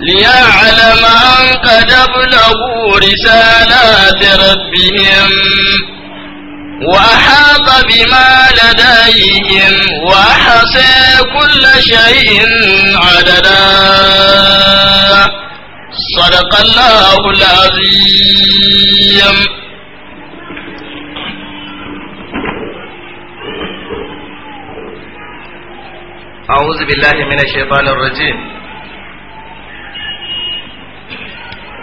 ليعلم أن قد ابلغوا رسالات ربهم وأحاط بما لديهم وأحصى كل شيء عددا صدق الله العظيم أعوذ بالله من الشيطان الرجيم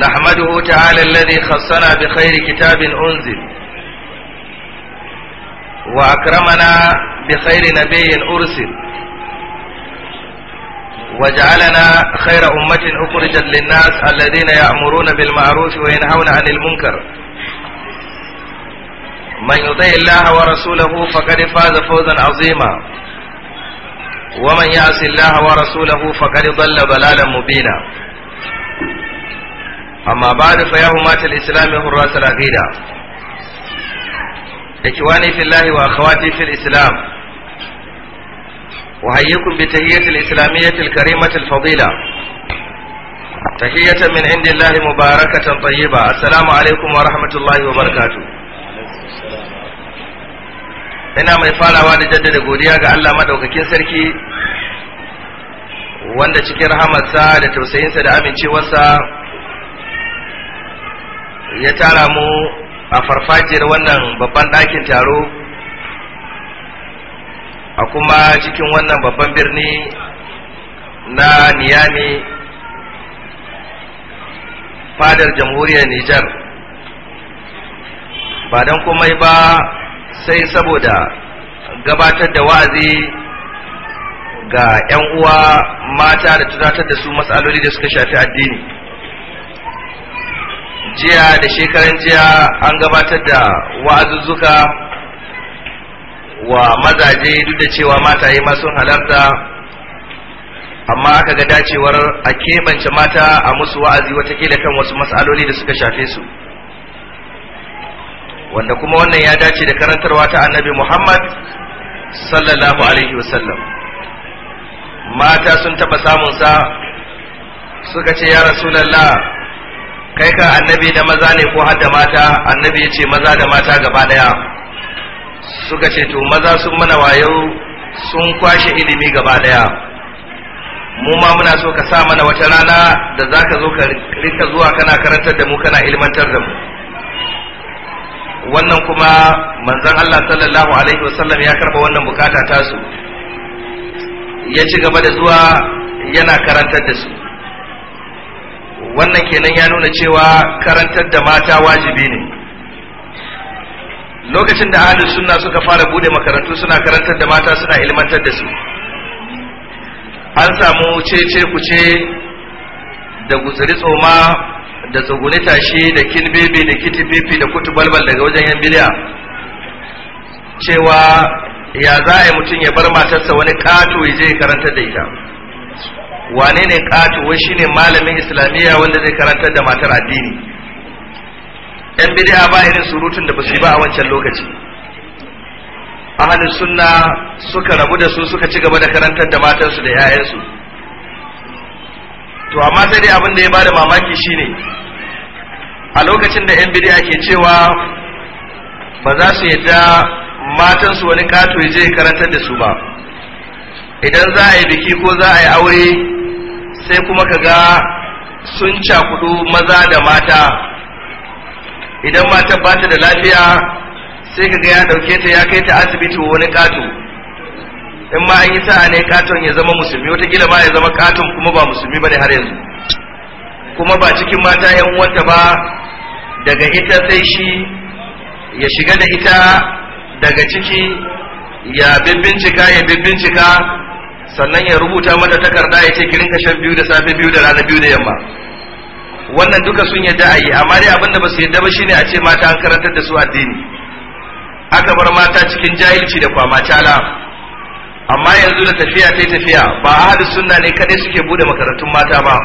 نحمده تعالى الذي خصنا بخير كتاب أنزل وأكرمنا بخير نبي أرسل وجعلنا خير أمة أخرجت للناس الذين يأمرون بالمعروف وينهون عن المنكر من يطيع الله ورسوله فقد فاز فوزا عظيما ومن يعص الله ورسوله فقد ضل ضلالا مبينا أما بعد فيا همات الإسلام حراس العقيدة إخواني في الله وأخواتي في الإسلام أحييكم بتهية الإسلامية الكريمة الفضيلة تحية من عند الله مباركة طيبة السلام عليكم ورحمة الله وبركاته ina mai farawa da jaddada godiya ga Allah madaukakin sarki wanda cikin rahamarsa da tausayinsa da amincewarsa ya tara mu a farfajiyar wannan babban ɗakin taro a kuma cikin wannan babban birni na niyami fadar jamhuriyar nijar ba don komai ba sai saboda gabatar da wa'azi ga 'yan uwa mata da tunatar da su matsaloli da suka shafi addini jiya da shekaran jiya an gabatar da wa'azuzzuka wa mazaje duk da cewa mataye ma sun halarta amma aka ga dacewar a keɓance mata a musu wa'azi watakila kan wasu matsaloli da suka shafe su wanda kuma wannan ya dace da karantarwa ta annabi muhammad sallallahu alaihi wasallam mata sun taɓa samunsa suka ce ya rasulallah kai ka annabi da maza ne ko har da mata annabi ya ce maza da mata gaba daya suka ce to maza sun mana wayo sun kwashe ilimi gaba daya mu ma muna so ka sa mana wata rana da za ka zo ka rika zuwa kana karantar da mu kana ilmantar da mu wannan kuma manzon Allah sallallahu alaihi wasallam ya karba wannan bukata tasu ya ci gaba da zuwa yana karantar da su wannan kenan ya nuna cewa karantar da mata wajibi ne lokacin da ahlus sunna suka fara bude makarantu suna karantar da mata suna ilmantar da su an samu cece kuce da gutsiri tsoma da tsuguni tashi da kinbebe da kitififi da kutu balbal daga wajen yan biliya cewa ya za a yi mutum ya bar matarsa wani kato ya je karantar da ita wane ne ƙato wai shine malamin islamiyya wanda zai karantar da matar addini yan bid'a ba irin surutun da ba su yi ba a wancan lokaci ahalin sunna suka rabu da su suka ci gaba da karantar da matansu da 'ya'yansu to amma sai dai abin da ya bada mamaki shine a lokacin da yan bid'a ke cewa ba za su yadda matansu wani kato ya je karantar da su ba idan za a yi biki ko za a yi aure sai kuma ka ga sun cakudu maza da mata idan matar ba ta da lafiya sai ka ga ya ɗauke ta ya kai ta asibiti wani ƙato in ma an yi sa'a ne katon ya zama musulmi gila ma ya zama katon kuma ba musulmi ba ne har yanzu kuma ba cikin mata yan uwanta ba daga ita sai shi ya shiga da ita daga ciki ya bibbincika ya bibbincika sannan ya rubuta mata takarda ya ce ki rinka shan biyu da safe biyu da rana biyu da yamma wannan duka sun yadda a yi amma dai abin da ba su yadda ba shine a ce mata an karantar da su addini aka bar mata cikin jahilci da kwama cala amma yanzu da tafiya ta tafiya ba ahli sunna ne kadai suke bude makarantun mata ba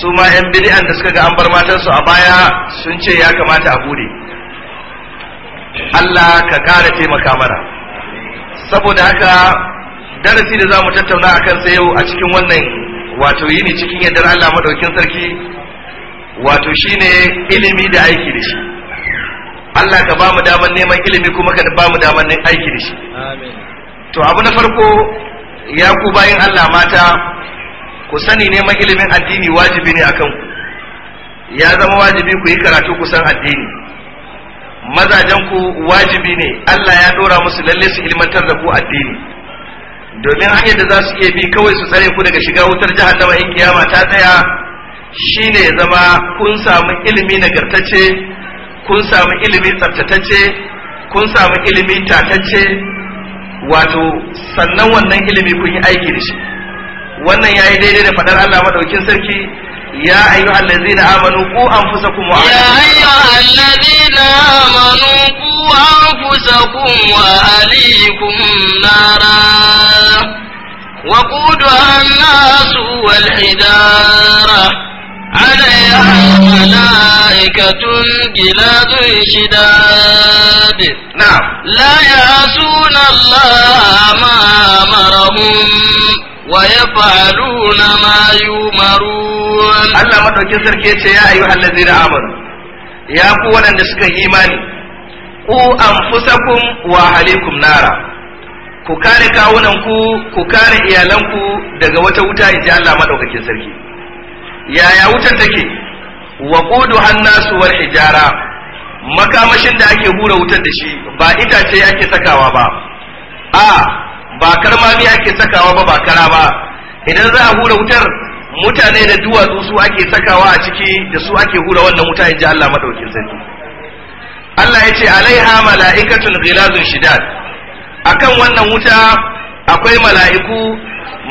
su ma yan bid'an da suka ga an bar matansu a baya sun ce ya kamata a bude Allah ka kara taimaka mana saboda haka darasi da za mu tattauna a kan yau a cikin wannan wato yi ne cikin yadda Allah madaukin sarki wato shi ne ilimi da aiki da shi Allah ka ba mu daman neman ilimi kuma ka ba mu daman aiki da shi to abu na farko ya ku bayan Allah mata ku sani neman ilimin addini wajibi ne akan ku ya zama wajibi ku yi karatu kusan addini mazajen ku wajibi ne Allah ya dora musu lalle su ilmantar da ku addini domin hanyar da za su iya bi kawai su tsare ku daga shiga wutar jahannama in kiyama ta tsaya shine ya zama kun samu ilimi nagartacce kun samu ilimi tsaftatacce kun samu ilimi tatacce wato sannan wannan ilimi kun yi aiki da shi wannan yayi daidai da faɗar Allah madaukin sarki يا أيها الذين آمنوا قوا أنفسكم وأهلكم يا أيها الذين آمنوا قوا أنفسكم وأهليكم نارا وقودها الناس والحجارة عليها ملائكة جلاد شداد نعم لا يعصون الله ما أمرهم Wa ya ما يؤمرون الله مدوكين سركي يتي يا Ya الذين آمنوا يا da نسكا ya ku fusakun wa alaikum nara ku kare kawunanku ku kare iyalanku daga wata wuta in ji Allah maɗaukakin sarki yaya wutar take wa ƙudu hannasu wal hijara makamashin da ake hura wutar da shi ba itace ake sakawa ba a ba karmami ake sakawa ba ba kara ba idan za a hura wutar mutane da duwatsu su ake sakawa a ciki da su ake hura wannan wuta in ji Allah madaukin sarki Allah ya ce alaiha mala'ikatun ghilazun shidad akan wannan wuta akwai mala'iku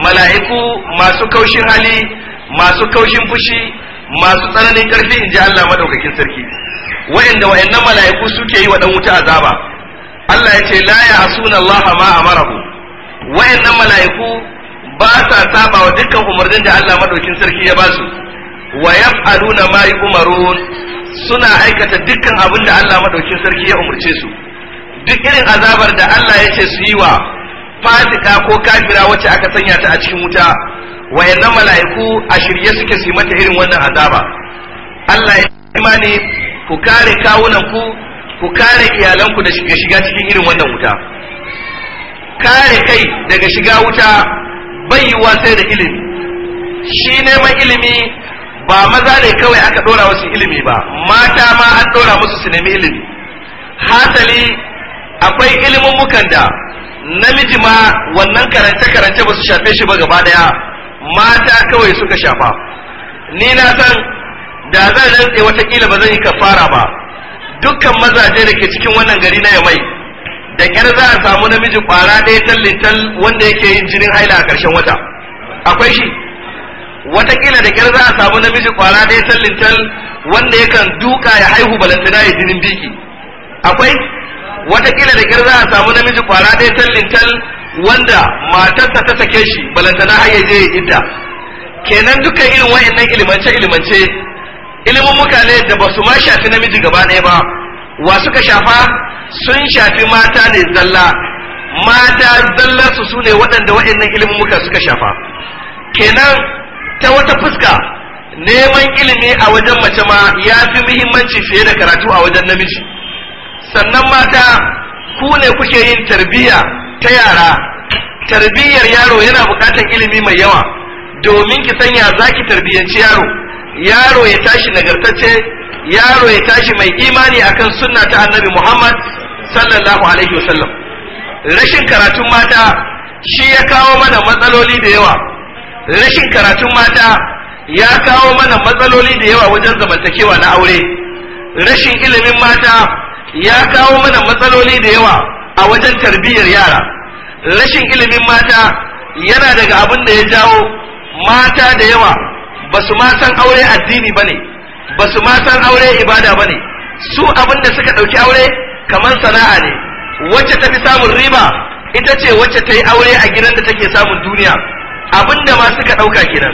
mala'iku masu kaushin hali masu kaushin fushi masu tsananin karfi in ji Allah madaukakin sarki wayanda wayannan mala'iku suke yi wa dan wuta azaba Allah ya ce la ya asuna Allah ma amarahu wayannan mala'iku ba sa saba wa dukkan umarnin da Allah madaukin sarki ya basu, su wa yaf'aluna ma yu'marun suna aikata dukkan abin da Allah madaukin sarki ya umarce su duk irin azabar da Allah ya ce su yi wa fasika ko kafira wacce aka sanya ta a cikin wuta wayannan mala'iku a shirye suke su mata irin wannan azaba Allah ya imani ku kare kawunanku, ku ku kare iyalanku da shiga cikin irin wannan wuta kare kai daga shiga wuta bai yi sai da ilimi shi neman ilimi ba maza ne kawai aka dora wasu ilimi ba mata ma an dora musu su nemi ilimi hasali akwai ilimin mukan da namiji ma wannan karance-karance ba su shafe shi ba gaba daya mata kawai suka shafa ni na san da zan rantse watakila ba zan yi kafara ba dukkan mazaje da ke cikin wannan gari na yamai da ƙyar za a samu namiji kwara ɗaya tallital wanda yake yin jinin haila a ƙarshen wata akwai shi watakila da ƙyar za a samu namiji kwara ɗaya tallital wanda yakan duka ya haihu balantana ya jinin biki akwai watakila da ƙyar za a samu namiji kwara ɗaya tallital wanda matarsa ta sake shi balantana har ya je ya idda kenan dukkan irin wa'annan ilimance ilimance ilimin mutane da ba su ma shafi namiji gaba ɗaya ba wa suka shafa sun shafi mata ne zalla mata zalla su ne waɗanda waɗannan ilimin muka suka shafa kenan ta wata fuska neman ilimi a wajen mace ma ya fi muhimmanci fiye da karatu a wajen namiji sannan mata ku ne kuke yin tarbiyya ta yara tarbiyyar yaro yana buƙatar ilimi mai yawa domin ki sanya za ki tarbiyyance yaro yaro ya tashi nagartacce yaro ya tashi mai imani akan sunna ta annabi Muhammad sallallahu alaihi wasallam rashin karatun mata shi ya kawo mana matsaloli da yawa rashin karatun mata ya kawo mana matsaloli da yawa wajen zamantakewa na aure rashin ilimin mata ya kawo mana matsaloli da yawa a wajen tarbiyyar yara rashin ilimin mata yana daga abin da ya jawo mata da yawa ba su ma san aure addini ba ne ba su ma san aure ibada ba ne su abin da suka ɗauki aure kamar sana'a ne wacce ta fi samun riba ita ce wacce ta yi aure a gidan da take samun duniya abin da ma suka ɗauka gidan,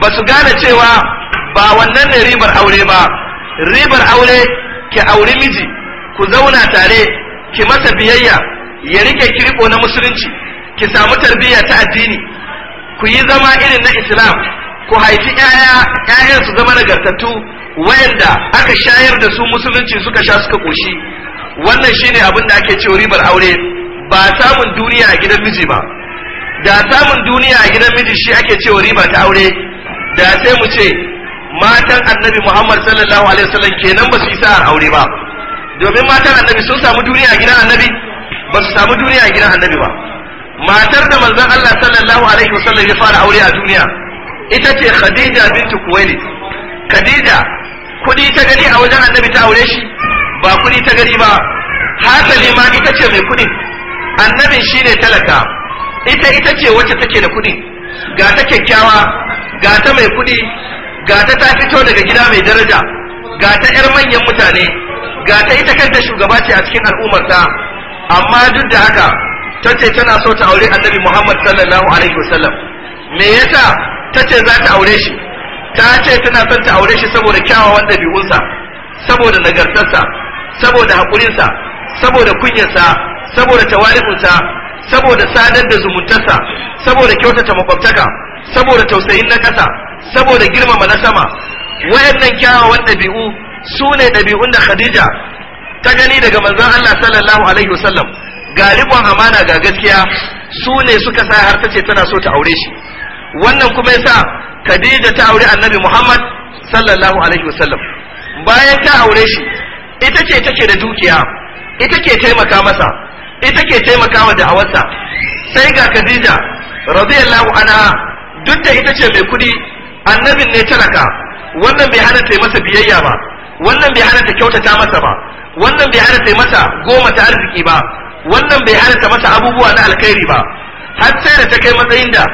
ba su gane cewa ba wannan ne ribar aure ba ribar aure ki auri miji ku zauna tare ki masa biyayya ya rike kiriko na musulunci ki samu tarbiyya ta addini ku yi zama irin na islam ku haifi 'ya'ya 'ya'yan su zama nagartattu wayanda aka shayar da su musulunci suka sha suka koshi wannan shine abin da ake cewa ribar aure ba samun duniya a gidan miji ba da samun duniya a gidan miji shi ake cewa riba ta aure da sai mu ce matan annabi muhammad sallallahu alaihi wasallam kenan ba su isa a aure ba domin matan annabi sun samu duniya a gidan annabi ba su samu duniya a gidan annabi ba matar da manzon allah sallallahu alaihi wasallam ya fara aure a duniya ita ce khadija bintu kuwaili khadija kuɗi ta gani a wajen annabi ta aure shi ba kuɗi ta gani ba hasali ma ita ce mai kuɗi annabin shi ne talaka ita ita ce wacce take da kuɗi ga ta kyakkyawa ga ta mai kuɗi ga ta ta fito daga gida mai daraja ga ta 'yar manyan mutane ga ta ita kanta shugaba ce a cikin al'ummar ta amma duk da haka ta ce tana so ta aure annabi muhammad sallallahu alaihi wasallam me yasa ta ce za ta aure shi ta ce tana son ta aure shi saboda kyawawan ɗabi'unsa saboda nagartarsa saboda haƙurinsa saboda kunyarsa saboda tawali'unsa saboda sadar da zumuntarsa saboda kyautata makwabtaka saboda tausayin na ƙasa saboda girmama na sama wayannan kyawawan ɗabi'u su ne ɗabi'un da khadija ta gani daga manzon allah sallallahu alaihi wasallam ga riƙon amana ga gaskiya su ne suka sa har ta ce tana so ta aure shi wannan kuma yasa Khadija ta aure annabi Muhammad sallallahu alaihi wasallam bayan ta aure shi ita ce take da dukiya ita ke taimaka masa ita ke taimaka wa da'awarsa sai ga Khadija radiyallahu ana duk da ita ce mai kudi annabin ne talaka wannan bai hana ta masa biyayya ba wannan bai hana ta kyautata masa ba wannan bai hana ta masa goma ta arziki ba wannan bai hana ta masa abubuwa na alkhairi ba har sai da ta kai matsayin da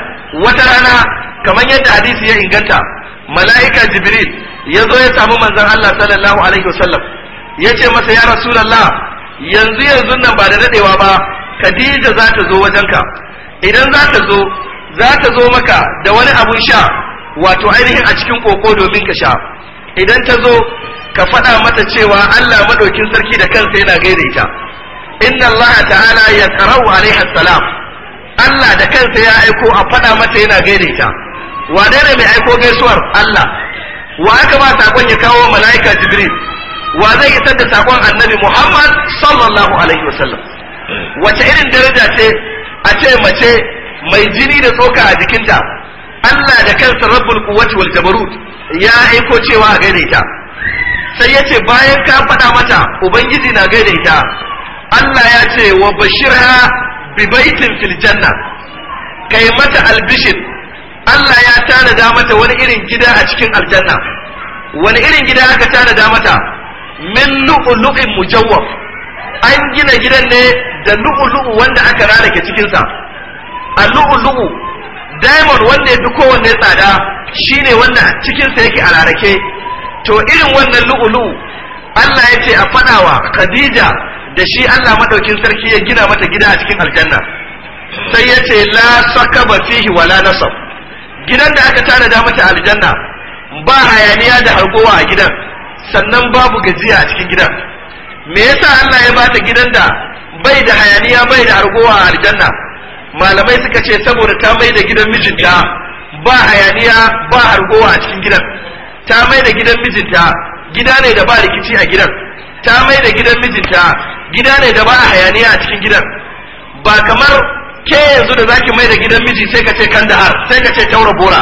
wata rana kamar yadda hadisi ya inganta mala'ika jibril ya zo ya samu manzon Allah sallallahu alaihi wasallam ya ce masa ya rasulallah, yanzu yanzu nan ba da dadewa ba Khadija za ta zo wajenka idan za ta zo za ta zo maka da wani abun sha wato ainihin a cikin koko domin ka sha idan ta zo ka faɗa mata cewa Allah madaukin sarki da kansa yana gaida ita inna Allah ta'ala ya karau alaihi salam Allah da kansa ya aiko a faɗa mata yana gaida ita wane ne mai aiko gaisuwar Allah wa aka ba sakon ya kawo mala'ika jibril wa zai isar da sakon annabi muhammad sallallahu alaihi wasallam wace irin daraja ce a ce mace mai jini da tsoka a jikinta Allah da kansa rabbul quwwati wal jabarut ya aiko cewa a gaida ita sai ya ce bayan ka faɗa mata ubangiji na gaida ita Allah ya ce wa bashirha bi baitin fil janna kai mata albishin. Allah ya tanada mata wani irin gida a cikin aljanna wani irin gida aka tanada mata min lu'lu'in mujawwaf an gina gidan ne da lu'lu'u wanda aka rarake cikin sa a lu'lu'u diamond wanda ya fi kowanne tsada shine wanda cikin sa yake a to irin wannan lu'lu'u Allah ya ce a fadawa Khadija da shi Allah madaukin sarki ya gina mata gida a cikin aljanna sai ya ce la sakaba fihi wala nasab gidan da aka tanada mata aljanna ba hayaniya da hargowa a gidan sannan babu gajiya a cikin gidan me yasa Allah ya bata gidan da bai da hayaniya bai da hargowa a aljanna malamai suka ce saboda ta mai da gidan mijinta ba hayaniya ba hargowa a cikin gidan ta mai da gidan mijinta gida ne da ba rikici a gidan ta mai da gidan mijinta gida ne da ba hayaniya a cikin gidan ba kamar ke yanzu da zaki mai da gidan miji sai ka ce kandahar sai ka ce taura bora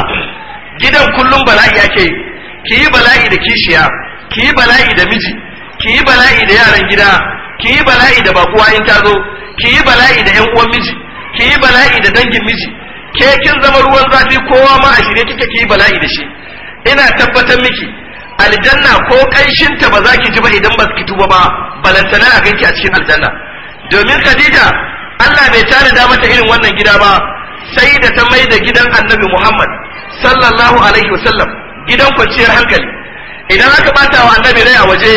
gidan kullum bala'i ake ki yi bala'i da kishiya ki yi bala'i da miji ki yi bala'i da yaran gida ki yi bala'i da bakuwa in ta zo ki yi bala'i da yan uwan miji ki yi bala'i da dangin miji ke kin zama ruwan zafi kowa ma a shirye kike ki yi bala'i da shi ina tabbatar miki aljanna ko kanshinta ba za ki ji ba idan ba ki tuba ba balantana a ganki a cikin aljanna domin khadija Allah bai da mata irin wannan gida ba sai da ta mai da gidan annabi Muhammad sallallahu alaihi wasallam gidan kwanciyar hankali idan aka bata wa annabi rai a waje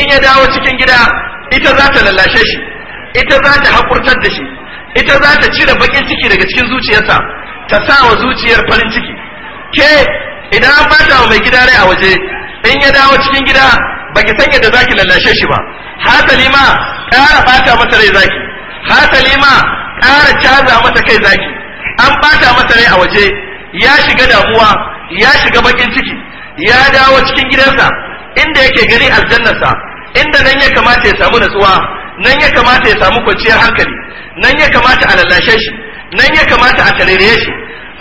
in ya dawo cikin gida ita za ta lallashe shi ita za ta hakurtar da shi ita za ta cire bakin ciki daga cikin zuciyarsa ta sa wa zuciyar farin ciki ke idan an bata wa mai gida rai a waje in ya dawo cikin gida baki san yadda zaki lallashe shi ba hasali ma ƙara bata masa rai zaki hasali ma ƙara caza masa kai zaki an bata masa rai a waje ya shiga damuwa ya shiga bakin ciki ya dawo cikin gidansa inda yake gani aljannarsa inda nan ya kamata ya samu natsuwa nan ya kamata ya samu kwanciyar hankali nan ya kamata a lallashe shi nan ya kamata a tarere shi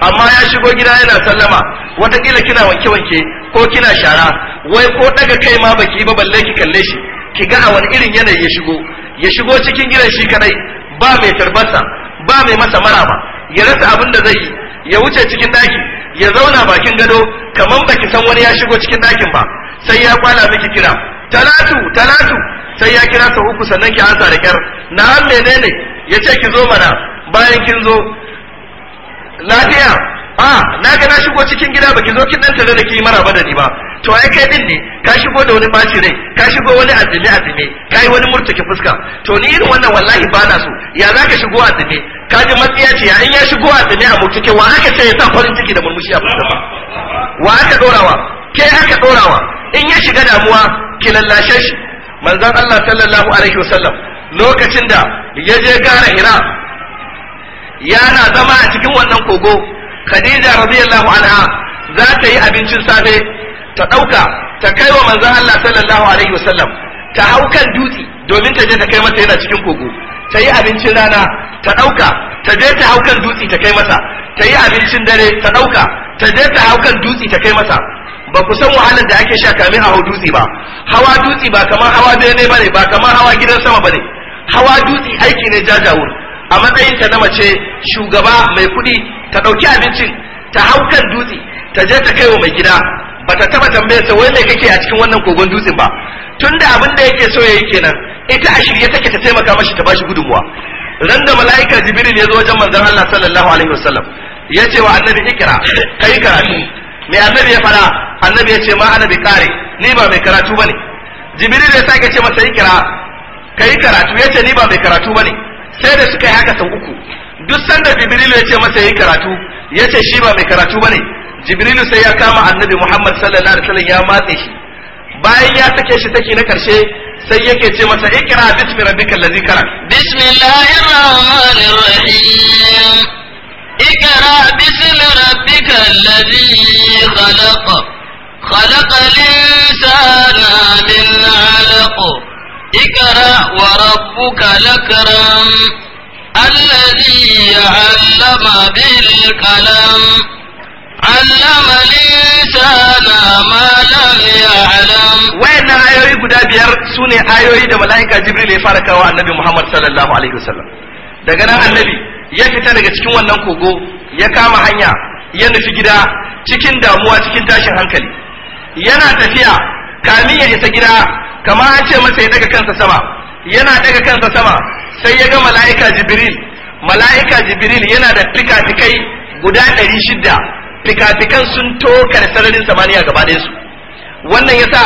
amma ya shigo gida yana sallama wataƙila kina wanke-wanke ko kina shara wai ko daga kai ma baki ba balle ki kalle shi ki ga a wani irin yanayi ya shigo ya shigo cikin gidan shi kadai ba mai tarbasa ba mai masa maraba ya rasa abin da zai yi ya wuce cikin daki ya zauna bakin gado kaman baki san wani ya shigo cikin dakin ba sai ya kwala miki kira talatu talatu sai ya kira sau uku sannan ki ansa da kyar na an menene ya ce ki zo mana bayan kin zo lafiya a ah, na ga na shigo cikin gida baki zo kin dan tare da ki mara ba da ni ba to ai kai din ne ka shigo da wani bashi rai ka shigo wani azumi azumi ka yi wani murtuke fuska to ni irin wannan wallahi ba na so ya za ka shigo azumi ka ji matsiya ce ya in ya shigo azumi a murtuke wa aka ce ya sa farin ciki da murmushi a fuska wa aka dorawa ke aka dorawa in ya shiga damuwa ki lallashe shi manzon Allah sallallahu alaihi wasallam lokacin da ya je gara hira yana zama a cikin wannan kogo khadija radiyallahu anha za ta yi abincin safe ta ɗauka ta kai wa manzon Allah sallallahu alaihi wasallam ta hau kan dutse domin ta je ta kai masa yana cikin kogo ta yi abincin rana ta ɗauka ta je ta hau kan dutse ta kai masa ta yi abincin dare ta ɗauka ta je ta hau kan dutse ta kai masa ba ku san wahalar da ake sha kamin a hau dutse ba hawa dutse ba kamar hawa bene bane ba kamar hawa gidan sama bane hawa dutse aiki ne jajawur a matsayin ta na mace shugaba mai kuɗi ta ɗauki abincin ta hau kan dutse ta je ta kai wa mai gida Ba ta taba tambayar sa wai me kake a cikin wannan kogon dutsen ba tunda abin da yake so yayi kenan ita a shirye take ta taimaka mashi ta bashi gudunmuwa ran da mala'ika jibril ya zo wajen manzon Allah sallallahu alaihi wasallam ya ce wa annabi ikra kai karatu me annabi ya fara annabi ya ce ma annabi kare ni ba mai karatu bane jibril ya sake ce masa ikra kai karatu ya ce ni ba mai karatu bane sai da suka yi haka sau uku duk sanda jibril ya ce masa yi karatu ya ce shi ba mai karatu bane jibrilu sai ya kama annabi muhammad sallallahu alaihi wasallam ya matse shi bayan ya take shi take na karshe sai yake ce masa ikra bismi rabbikal ladzi karak bismillahir rahmanir rahim ikra bismi rabbikal ladzi khalaq خلق الإنسان من علق اقرأ وربك الأكرم الذي علم بالقلم علم الإنسان ما لم يعلم وين ayoyi guda biyar سوني ayoyi da mala'ika jibril ya fara kawo annabi muhammad sallallahu daga nan annabi ya fita daga cikin wannan kogo ya kama hanya ya nufi gida cikin damuwa cikin tashin hankali yana tafiya kamin ya isa gida kamar an ce masa ya daga kansa sama yana daga kansa sama sai ya ga mala'ika jibril mala'ika jibril yana da fika-fikai guda ɗari shida fikafikan sun toka da sararin samaniya gaba ɗayan su wannan yasa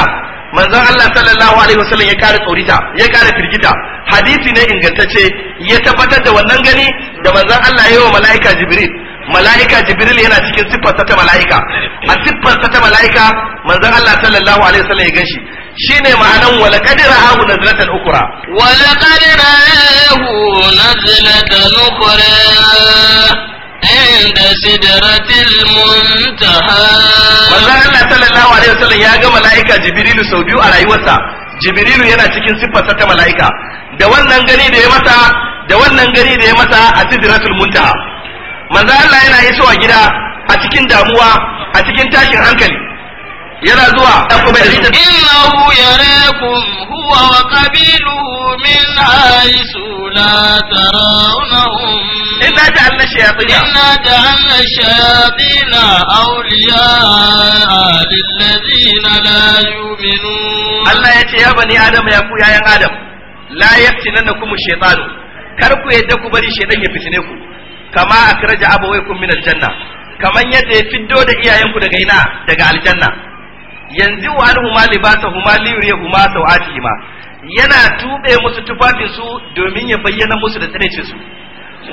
manzon Allah sallallahu alaihi wasallam ya kare tsorita ya kare firgita hadisi ne ingantacce ya tabbatar da wannan gani da manzon Allah ya yi wa mala'ika Jibril mala'ika Jibril yana cikin siffarsa ta mala'ika a siffarsa ta mala'ika manzon Allah sallallahu alaihi wasallam ya ganshi shine ma'anan wala qadira hu nazlatan ukra wala qadira hu nazlatan ukra عند سدرة المنتهى والله الله صلى الله عليه وسلم يا جماعة ملائكة جبريل سوديو على يوسا جبريل ينا cikin siffarsa ta mala'ika da wannan gani da ya masa da wannan gani da ya masa a sidratul muntaha manzo Allah yana isowa gida a cikin damuwa a cikin tashin hankali yana zuwa dan kuma ya zuwa innahu yarakum huwa wa qabiluhu min haythu la tarawnahum inna ja'alna shayatin inna ja'alna shayatin awliya'a lilladhina la yu'minun Allah yace ya bani adam ya ku yayan adam la yaftinannakum shaytanu kar ku yadda ku bari shaytan ya fitine ku kama a akraja abawaykum min aljanna kaman yadda ya fiddo da iyayenku daga ina daga aljanna yanzu wa liyuri huma sawati ma yana tube musu tufafin su domin ya bayyana musu da tsanaicin su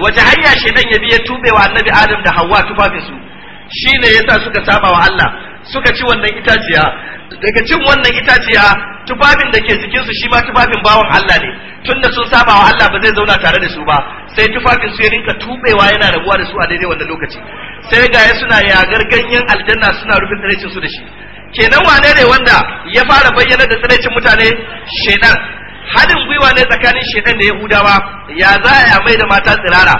wace hanya shedan ya bi ya tube wa annabi adam da hawa tufafin su shine yasa suka saba wa Allah suka ci wannan itaciya daga cin wannan itaciya tufafin da ke jikin su shi ma tufafin bawan Allah ne tunda sun saba wa Allah ba zai zauna tare da su ba sai tufafin su ya rinka tubewa yana rabuwa da su a daidai wannan lokaci sai ga ya suna yagar ganyen aljanna suna rufe tsaraicin su da shi kenan wane ne wanda ya fara bayyana da tsiraicin mutane shedan hadin gwiwa ne tsakanin shedan da yahudawa ya za a mai da mata tsirara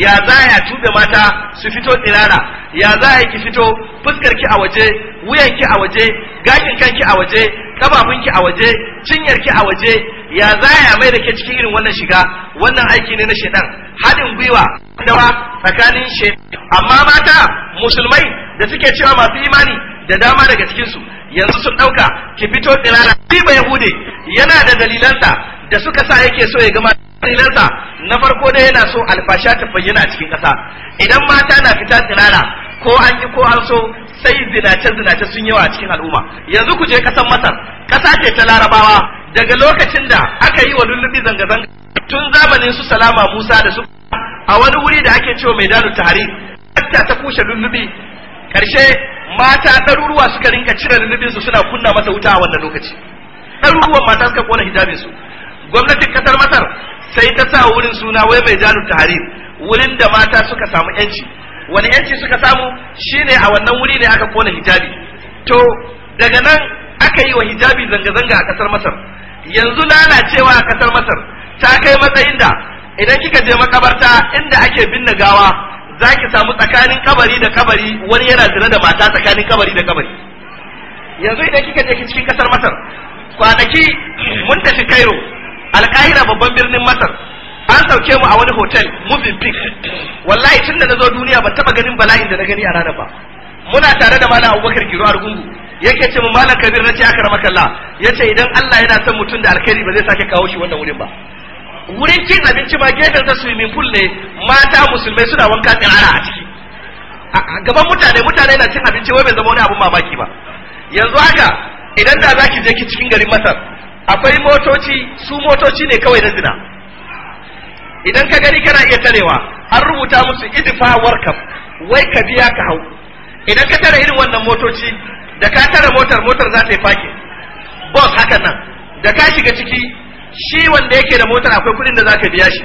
ya za a tube mata su fito tsirara ya za a ki fito fuskar ki a waje wuyan ki a waje gashin kan ki a waje kababun ki a waje cinyar ki a waje ya za a mai da ke cikin irin wannan shiga wannan aiki ne na shedan hadin gwiwa dawa tsakanin shedan amma mata musulmai da suke cewa masu imani da dama daga cikinsu yanzu sun ɗauka ki fito tsirara shi ba yahude yana da dalilansa da suka sa yake so ya gama dalilansa na farko dai yana so alfasha ta bayyana cikin kasa. idan mata na fita tsirara ko an yi ko an so sai zinace zinace sun yawa cikin al'umma yanzu ku je ƙasar masar kasa ce ta larabawa daga lokacin da aka yi wa lullubi zanga-zanga tun zamanin su salama musa da su a wani wuri da ake cewa mai dalu tahari ta kushe lullubi ƙarshe mata ɗaruruwa suka rinka cire lullubin su suna kunna masa wuta a wannan lokaci ɗaruruwan mata suka kona hijabin su gwamnatin kasar masar sai ta sa wurin suna wai mai jalu tahrir wurin da mata suka samu yanci wani yanci suka samu shine a wannan wuri ne aka kona hijabi to daga nan aka yi wa hijabi zanga-zanga a kasar masar yanzu cewa a kasar masar ta kai matsayin da idan kika je makabarta inda ake binne gawa za ki samu tsakanin kabari da kabari wani yana zina da mata tsakanin kabari da kabari yanzu idan kika je ki cikin kasar masar kwanaki mun tafi cairo alkahira babban birnin masar an sauke mu a wani hotel movie peak wallahi tun da nazo duniya ban taba ganin bala'in da na gani a rana ba muna tare da malam abubakar giro argungu yake ce mu malam kabir na ce aka ramakalla ya ce idan allah yana son mutum da alkhairi ba zai sake kawo shi wannan wurin ba wurin cin abinci ba gefen ta swimming pool ne mata musulmai suna wanka tsirara a ciki a gaban mutane mutane na cin abinci wai bai zama wani abun mamaki ba yanzu haka idan da zaki je ki cikin garin masar akwai motoci su motoci ne kawai na zina idan ka gani kana iya tarewa an rubuta musu idfa warkaf wai ka biya ka hau idan ka tare irin wannan motoci da ka tare motar motar za ta yi fakin bus hakan nan da ka shiga ciki shi wanda yake da motar akwai kuɗin da za ka biya shi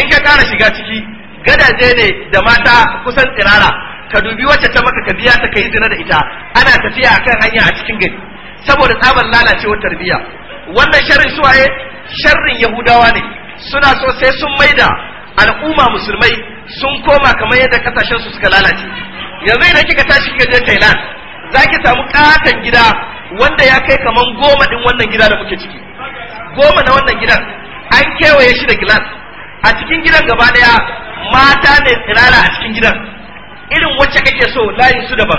in ka kara shiga ciki gadaje ne da mata kusan tsirara ka dubi wacce ta maka ka biya ta kai zina da ita ana tafiya akan hanya a cikin gari saboda tsabar lalacewar tarbiyya wannan sharrin suwaye sharrin yahudawa ne suna so sai sun maida al'umma musulmai sun koma kamar yadda kasashen su suka lalace yanzu idan kika tashi kika je Thailand zaki samu katan gida wanda ya kai kamar goma din wannan gida da muke ciki goma na wannan gidan an kewaye shi da gilas a cikin gidan gaba daya mata ne tsirara a cikin gidan irin wacce kake so layin su daban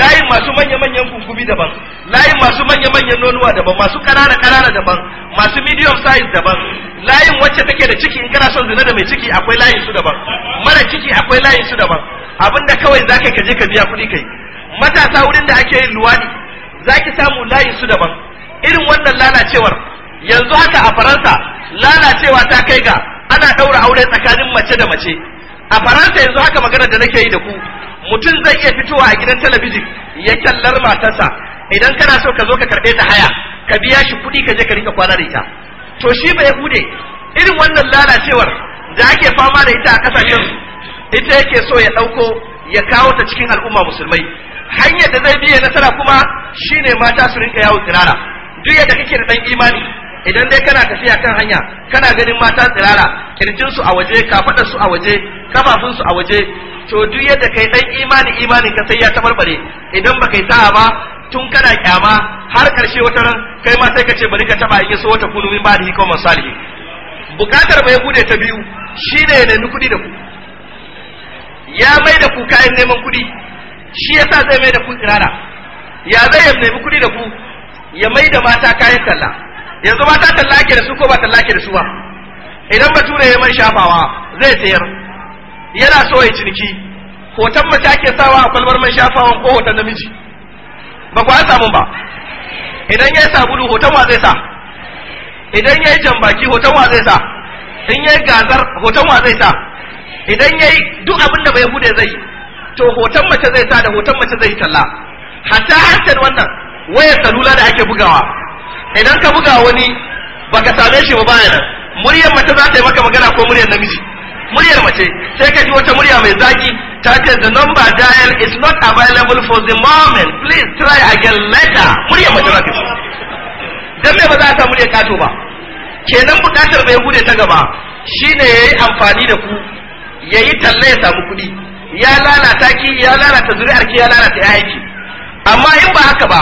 layin masu manya-manyan kunkumi daban layin masu manya-manyan nonuwa daban masu ƙanana ƙanana daban masu medium size daban layin wacce take da ciki in kana son zina da mai ciki akwai layin su daban mara ciki akwai layin su daban abinda kawai zaka kaje ka biya kuɗi kai matasa wurin da ake yin luwadi zaki samu layin su daban irin wannan lalacewar yanzu haka a faransa lalacewa ta kai ga ana ɗaura aure tsakanin mace da mace a faransa yanzu haka magana da nake yi da ku mutum zai iya fitowa a gidan talabijin ya kallar matarsa idan kana so ka zo ka karɓe ta haya ka biya shi kuɗi ka je ka rika kwana da ita to shi bai bude irin wannan lalacewar da ake fama da ita a kasashen ita yake so ya ɗauko ya kawo ta cikin al'umma musulmai hanyar da zai biya nasara kuma shine mata su rinka yawo kirara duk yadda kake da ɗan imani idan dai kana tafiya kan hanya kana ganin mata tsirara kirjin su a waje kafadar su a waje kafafun su a waje to duk yadda kai dan imani imanin ka sai ya tabarbare idan baka yi sa'a ba tun kana kyama har karshe wata ran kai ma sai ka ce bari ka taba yi so wata kunu min ba da hikma salihi bukatar mai bude ta biyu shine ya nemi kudi da ku ya mai da ku kayan neman kudi shi yasa zai mai da ku tsirara ya zai nemi kudi da ku ya mai da mata kayan sallah yanzu ba talla tallake da su ko ba talla da su ba idan bature ya man shafawa zai sayar yana so ya ciniki hoton mace ake sawa a kwalbar man shafawan ko hoton namiji ba ku an mun ba idan ya yi sabulu hoton wa zai sa idan ya yi jambaki hoton wa zai sa in ya yi gazar hoton wa zai sa idan ya yi duk abin da bai bude zai to hoton mace zai sa da hoton mace zai talla hatta harshen wannan wayar salula da ake bugawa idan ka buga wani baka same shi ba bayan nan muryar mace za ta yi maka magana ko muryar namiji muryar mace sai ka ji wata murya mai zaki ta ce the number dial is not available for the moment please try again later muryar mace za ka ce dan me ba za ta muryar kato ba kenan bukatar bai gude ta gaba shi shine yayi amfani da ku yayi talla ya samu kuɗi ya lalata ki ya lalata zuri'ar ki ya lalata ki amma in ba haka ba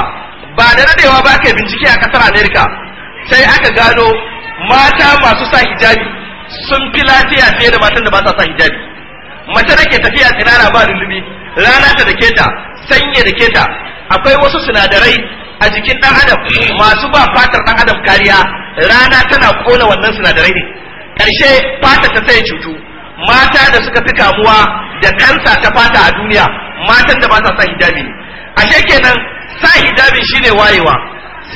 ba da nadewa ba aka bincike a kasar Amerika sai aka gano mata masu sa hijabi sun fi lafiya fiye da matan da ba sa sa hijabi mace da ke tafiya tsinara ba lullubi rana ta da ta sanya da ta akwai wasu sinadarai a jikin dan adam masu ba fatar dan adam kariya rana tana kona wannan sinadarai ne karshe fata ta sai cutu mata da suka fi kamuwa da kansa ta fata a duniya matan da ba sa sa hijabi ashe kenan sa hijabi shine wayewa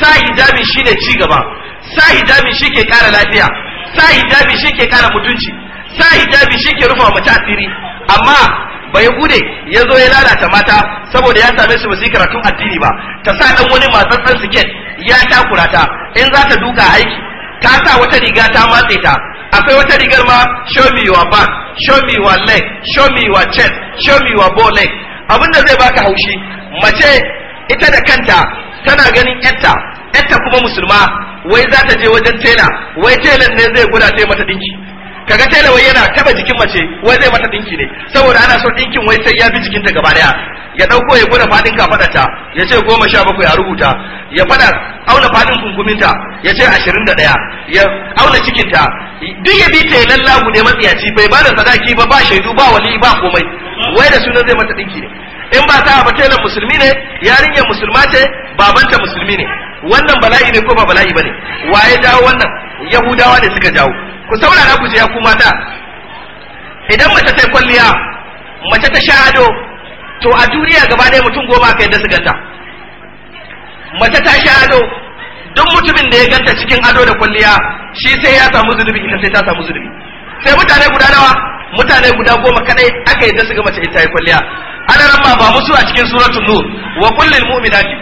sa hijabi shine ci gaba sa hijabi shike kara lafiya sa hijabi shike kara mutunci sa hijabi shike rufa mace asiri amma baya buɗe gude ya zo ya lalata mata saboda ya same su ba su yi karatun addini ba ta sa dan wani matsatsan siket ya takura ta in za ta duka aiki ta sa wata riga ta matse ta akwai wata rigar ma show me your back show me your leg show me your chest show me your bow leg abin da zai baka haushi mace ita da kanta tana ganin yatta yatta kuma musulma wai za ta je wajen tela wai telan ne zai guda ta mata dinki kaga tela wai yana taba jikin mace wai zai mata dinki ne saboda ana so dinkin wai sai ya bi jikinta gaba daya ya dauko ya gwada fadin ka ta ya ce goma sha bakwai a rubuta ya fada auna fadin kunkuminta ya ce ashirin da daya ya auna cikin ta duk ya bi ta lallabu ne matsiyaci bai ba da sadaki ba ba shaidu ba wali ba komai wai da sunan zai mata dinki ne in ba sa ba nan musulmi ne yarinyar musulma ce babanta musulmi ne wannan bala'i ne ko ba bala'i bane waye dawo wannan yahudawa ne suka jawo ku saurara ku je ya kuma da? idan mace ta kwalliya mace ta sha ado to a duniya gaba ɗaya mutum goma ka yadda su ganta mace ta sha ado duk mutumin da ya ganta cikin ado da kwalliya shi sai ya samu zunubi ita sai ta samu zunubi sai mutane guda nawa mutane guda goma kadai aka yadda su ga mace ita ya kwalliya ana ramma ba musu a cikin suratul nur wa kullil mu'minati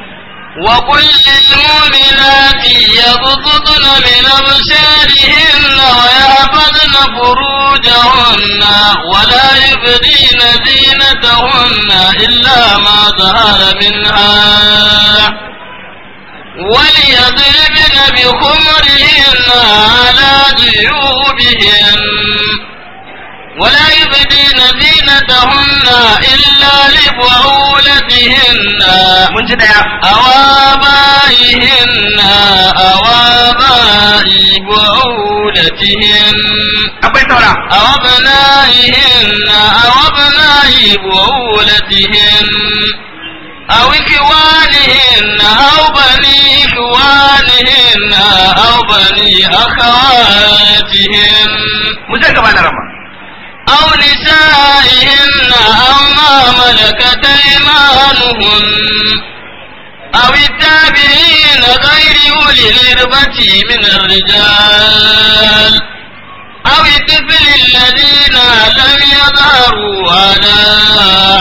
وقل للمؤمنات يغضضن من أبصارهن ويحفظن فروجهن ولا يبدين زينتهن إلا ما ظهر منها وليضربن بخمرهن على جيوبهن ولا يبدين زينتهن إلا لبعولتهن من يا أو آبائهن أو آباء بعولتهن أو أبنائهن أو أبناء بعولتهن أو إخوانهن أو بني إخوانهن أو بني أخواتهن مجدد كمان رمى أو نسائهن أو ما ملكت أيمانهم أو التابعين غير أولي الإربة من الرجال أو الطفل الذين لم يظهروا على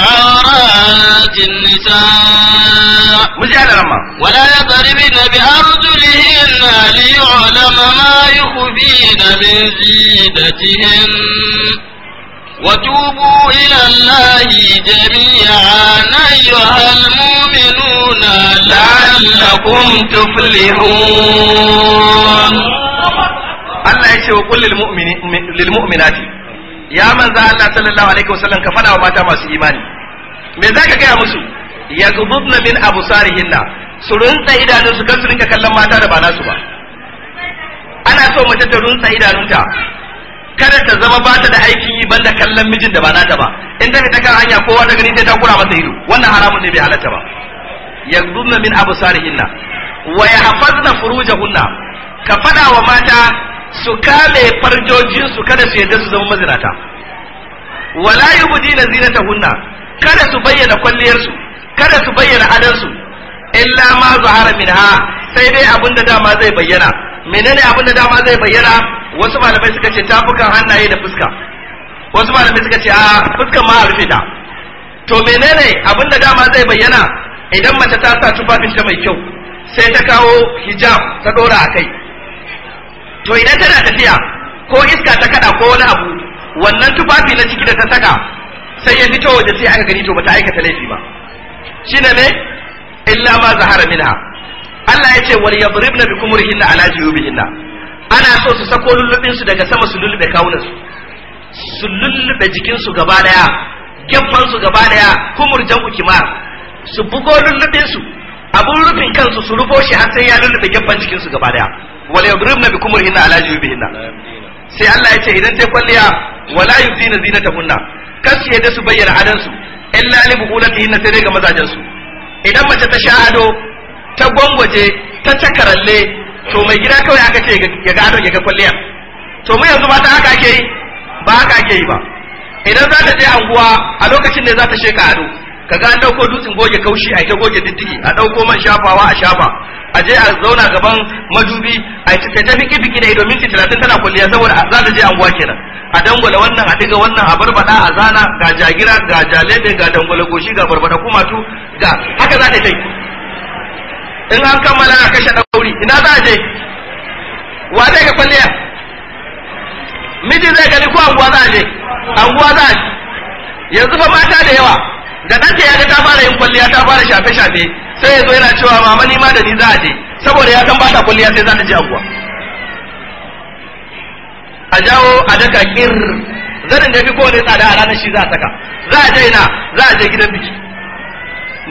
عورات النساء ولا يضربن بأرجلهن ليعلم ما يخفين من زينتهن وتوبوا إلى الله جميعا أيها المؤمنون لعلكم تفلحون Allah ya ce wa kullil lil mu'minati ya manzo Allah sallallahu alaihi wasallam ka fada wa mata masu imani me zaka gaya musu ya yaghdudna min absarihinna su runtsa idanunsu kan su rinka kallon mata da ba nasu ba ana so mace ta runtsa idanunta kada ta zama ba ta da aikin yi banda kallon mijin da ba na ta ba in ta fita kan hanya kowa ta gani sai ta kura masa ido wannan haramun ne bai halatta ba yanzunna min absarihinna wa yahfazna furujahunna ka fada wa mata su kame farjojin su kada su yadda su zama mazinata wala yubdina zinatahunna kada su bayyana kwalliyar su kada su bayyana adan su illa ma zuhara minha sai dai abinda dama zai bayyana menene abinda dama zai bayyana wasu malamai suka ce tafukan hannaye da fuska wasu malamai suka ce a fuskan ma a rufe ta to menene abin da dama zai bayyana idan mace ta sa tufafin ta mai kyau sai ta kawo hijab ta dora a kai to idan tana tafiya ko iska ta kada ko wani abu wannan tufafi na ciki da ta saka sai ya fito waje sai aka gani to bata aikata laifi ba shine ne illa ma zahara minha Allah ya ce wal yadribna bi ala jiyubihinna ana so su sako lullubin daga sama su lullube kawunansu. su su lullube jikin gaba daya gefan su gaba daya kumur jamu kimar su bugo lullubin abun rufin kansu su rufo shi har sai ya lullube gefan jikin gaba daya wala na bi kumur hinna ala jubihinna sai Allah ya ce idan sai kwalliya wala yubdina zinatahunna kunna. su yadda su bayyana adan su illa li buqulatihinna sai dai ga mazajensu. idan mace ta sha ado ta gwangwaje ta takaralle to mai gida kawai aka ce ya ga ya ga kwalliya to mu yanzu ba ta haka ake yi ba haka ake yi ba idan za ta je anguwa a lokacin ne za ta sheka ado ka ga an dauko dutsen goge kaushi a ita goge diddigi a dauko man shafawa a shafa a je a zauna gaban madubi a ita ta tafi biki da ido minti talatin tana kwalliya saboda za ta je anguwa kenan a dangwala wannan a diga wannan a barbada a zana ga jagira ga jalebe ga dangwala goshi ga barbada kumatu ga haka za ta yi in an kammala a kashe ina za a je wa zai ga kwalliya miji zai gani ko anguwa za a je anguwa za a je yanzu fa mata da yawa da ɗanta ya ga ta fara yin kwalliya ta fara shafe-shafe sai ya zo yana cewa mama ni ma da ni za a je saboda ya san ba ta kwalliya sai za ta je anguwa a jawo a daka kir zanin da fi kowane tsada a ranar shi za a saka za a je ina za a je gidan biki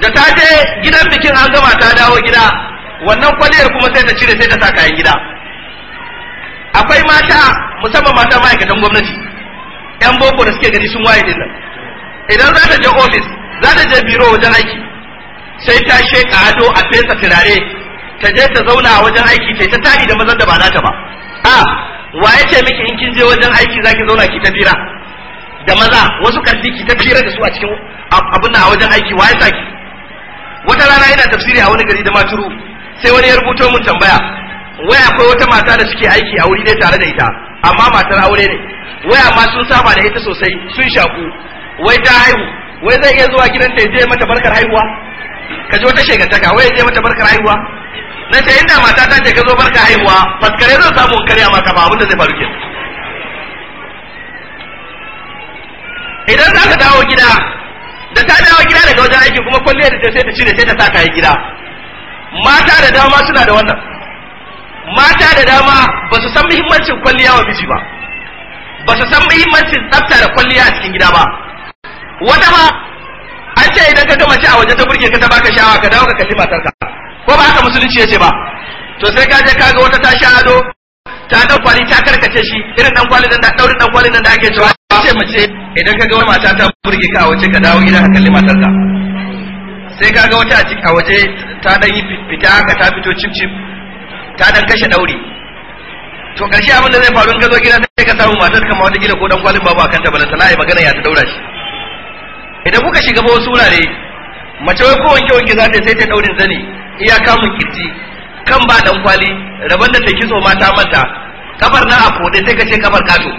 da ta je gidan bikin an gama ta dawo gida wannan kwaliyar kuma sai ta cire sai ta sa kayan gida akwai mata musamman mata ma'aikatan gwamnati yan boko da suke gani sun waye din nan idan za ta je ofis za ta je biro wajen aiki sai ta she ado a fesa turare ta je ta zauna a wajen aiki ta ta tari da mazan da ba nata ba a waye ce miki in kin je wajen aiki zaki zauna ki ta fira da maza wasu karfi ki ta fira da su a cikin abin a wajen aiki waye saki wata rana ina tafsiri a wani gari da maturu sai wani ya rubuto mun tambaya wai akwai wata mata da suke aiki a wuri ne tare da ita amma matar aure ne wai amma sun saba da ita sosai sun shaku wai ta haihu wai zai iya zuwa gidanta ya je mata barkar haihuwa ka je wata shegantaka wai ya je mata barkar haihuwa na ce inda mata ta ce ka zo barka haihuwa faskare zan samu karya maka ba abin da zai faru ke. idan za ka dawo gida da ta dawo gida daga wajen aiki kuma kwalliyar da ta sai ta cire sai ta sa kayan gida mata da dama suna da wannan mata da dama ba su san muhimmancin kwalliya wa miji ba ba su san muhimmancin tsafta da kwalliya a cikin gida ba wata ma an ce idan ka gama ci a waje ta burge ka ta baka shawa ka dawo ka kalli matarka ko ba haka musulunci ya ce ba to sai ka je ka ga wata ta sha ado ta dan kwali ta karkace shi irin dan kwali da daurin dan kwali da ake cewa ce mace idan ka ga wata mata ta burge ka a waje ka dawo gida ka kalli matarka sai kaga wata a waje ta dan yi fita haka ta fito cip cip ta dan kashe daure to karshe abin da zai faru in ka zo gida sai ka samu matar kama wata gida ko dan kwalin babu akan ta bala sana'a magana ya ta daura shi idan kuka shiga ba wasu wurare mace wai ko wanke wanke za ta sai ta daurin zani iya kamun kirji kan ba dan kwali rabon da ta kitso mata manta kafar na a kode sai ka ce kafar kato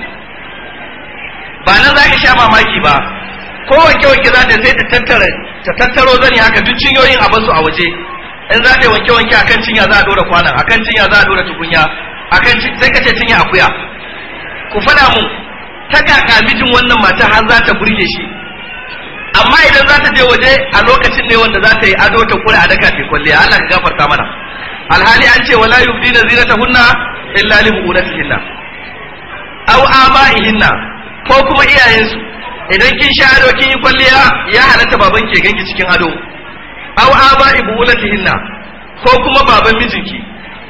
ba nan za ka sha mamaki ba ko wanke wanke za ta sai ta tattara ta tattaro zani haka duk cinyoyin a basu a waje in za ta wanke wanke akan cinya za a dora kwanan akan cinya za a dora tukunya akan sai ka ce cinya akuya ku fada mu ta kaka mijin wannan mata har za ta burge shi amma idan za ta je waje a lokacin ne wanda za ta yi ado ta kura a daka ta kwalliya Allah ka gafarta mana alhali an ce wala yubdina zinatahunna illa li bu'ulatihinna aw aba'ihinna ko kuma iyayensu idan kin sha ado kin yi kwalliya ya halatta baban ke ganki cikin ado aw aba hinna. ko kuma baban mijinki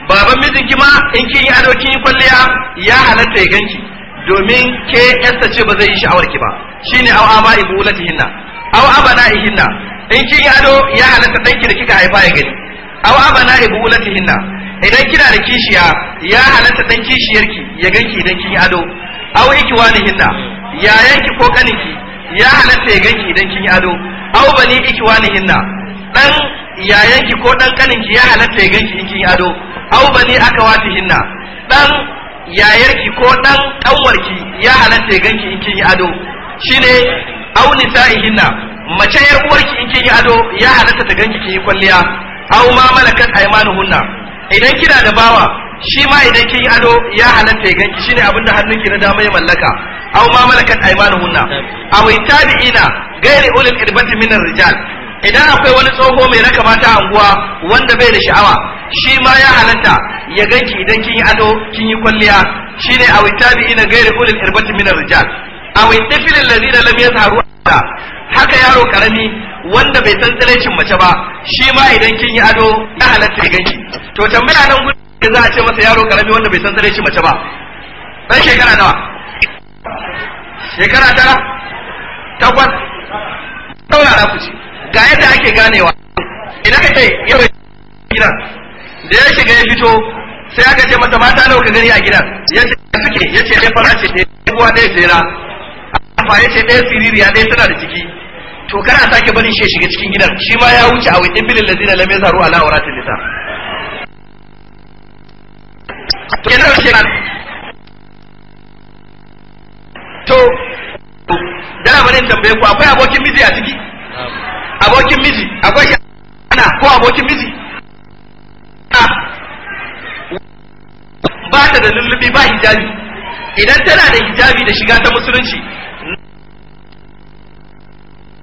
baban mijinki ma in kin yi ado kin yi kwalliya ya halatta ya ganki domin ke yasta ce ba zai yi sha'awar ki ba shine aw aba hinna. aw abana'ihinna in kin yi ado ya halatta danki da kika haifa ya gani aw abana'i hinna idan kina da kishiya ya halatta dan kishiyarki ya ganki idan kin yi ado aw hinna. yayanki ko kaninki ya halatta ya ganki idan kin yi ado aw bani ikwanihinna dan yayanki ko dan kaninki ya halatta ya ganki in kin yi ado aw bani akawatihinna dan yayarki ko dan kanwarki ya halatta ya ganki in kin yi ado shine aw nisaihinna mace yar uwarki in kin yi ado ya halatta ta ganki kin yi kwalliya aw ma malakat aymanuhunna idan kina da bawa shi ma idan kin yi ado ya halatta ya ganki shine abinda hannunki na dama ya mallaka aw ma malakat aymanuhunna aw itabi'ina ghairi ulil irbati minar rijal idan akwai wani tsoho mai raka mata anguwa wanda bai da sha'awa shi ma ya halatta ya ganki idan kin yi ado kin yi kwalliya shine aw itabi'ina ghairi ulil irbati minar rijal aw tifil alladhina lam yazharu haka yaro karami wanda bai san tsiraicin mace ba shi ma idan kin yi ado ya halatta ya ganki to tambaya nan gudu. in za a ce masa yaro karami wanda bai san zare shi mace ba ɗan shekara nawa shekara tara takwas saurara ku ce ga yadda ake ganewa idan ka ce yau gidan da ya shiga ya fito sai aka ce mata mata nawa ka gani a gidan ya ce suke ya ce ya eh, fara ce ɗaya eh, uwa ɗaya jera amma ya ce ɗaya siririya ɗaya tana da ciki to kana sake barin shi ya shiga cikin gidan shi ma ya wuce a wajen bilin lazina lamai zaru ala a nisa to yanzu da kenan to da abin da ku akwai abokin miji a ciki abokin miji akwai shi ko abokin miji ba ta da lullubi ba hijabi idan tana da hijabi da shiga ta musulunci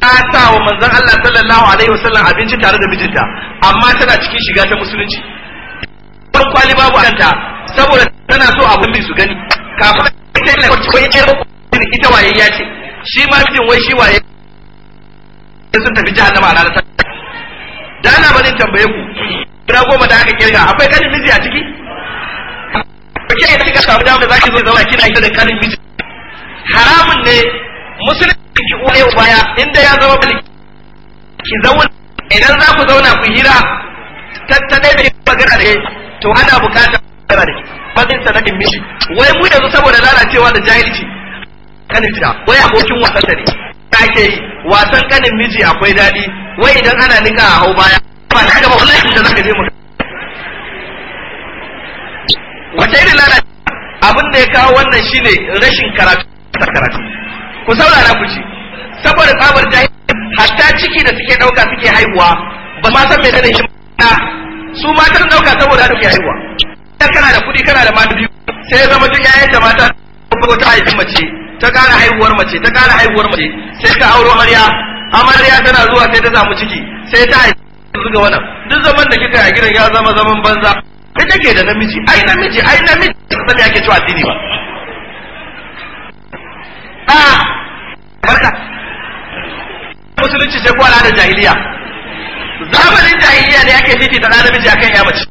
ta sa wa manzon Allah sallallahu alaihi wasallam abinci tare da mijinta amma tana cikin shiga ta musulunci ban kwali babu anta saboda tana so a bin su gani kafin ita ne ko ya ne ita waye ya ce shi ma mijin wai shi waye sun tafi jahannama a ranar sallah da na barin tambaye ku na goma da aka kirga akwai kanin miji a ciki ke ya kika samu damar da zaki zo zama kina ita da kanin miji haramun ne musulunci ki uwaye baya inda ya zama bali ki zauna idan za ku zauna ku hira tattalai da magana da to ana bukatar tana da shi bazin sanadin miji wai mu yanzu saboda lalacewa da jahilci kaninta wai abokin wasan ta ne ke yi wasan kanin miji akwai daɗi wai idan ana nika a hau baya ba ta gaba ba wallahi da zaka je mu wata irin lalacewa abin da ya kawo wannan shine rashin karatu karatu ku saurara ku ci saboda tsabar jahilci hatta ciki da suke dauka suke haihuwa ba ma san menene shi su matan dauka saboda da suke haihuwa kana da kuɗi kana da mata biyu sai ya zama duk ƴaƴanta mata ko ta haifi mace ta ƙara haihuwar mace ta ƙara haihuwar mace sai ta auro amarya amarya tana zuwa sai ta samu ciki sai ta haifi zuga wannan duk zaman da kika a gidan ya zama zaman banza kai take da namiji ai namiji ai namiji ka sani yake cewa addini ba a barka musulunci sai kwala da jahiliya zamanin jahiliya ne ake fifita na namiji akan ya mace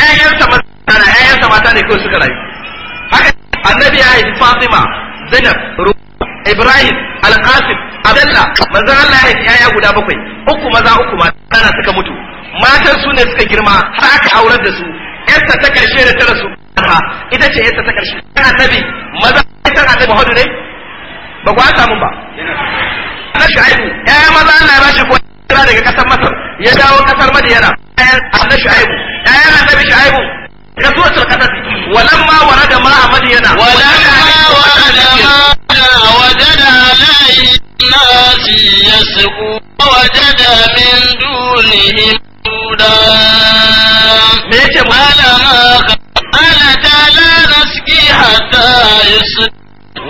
ƴaƴansa maza tana ƴaƴansa mata ne kawai suka rayu haka annabi ya haifi fatima zainab ibrahim alqasim abdullah manzon Allah ya haifi ya guda bakwai uku maza uku mata suka mutu matan su ne suka girma har aka aurar da su yarsa ta karshe da ta rasu ita ce yarsa ta karshe annabi maza ita annabi Muhammadu ne ba ku samu ba na shu'aibu ƴaƴa maza Allah ya bashi ko daga kasar Masar ya dawo kasar Madiyana ƴaƴan annabi shu'aibu ƴaƴan annabi shu'aibu kaso ta kada ciki walan ma wara da ma yana. walan ma wara da ma wajada lahi nasi yasqu wajada min dunihi duda me ce malama ala ta la nasqi hatta yasqu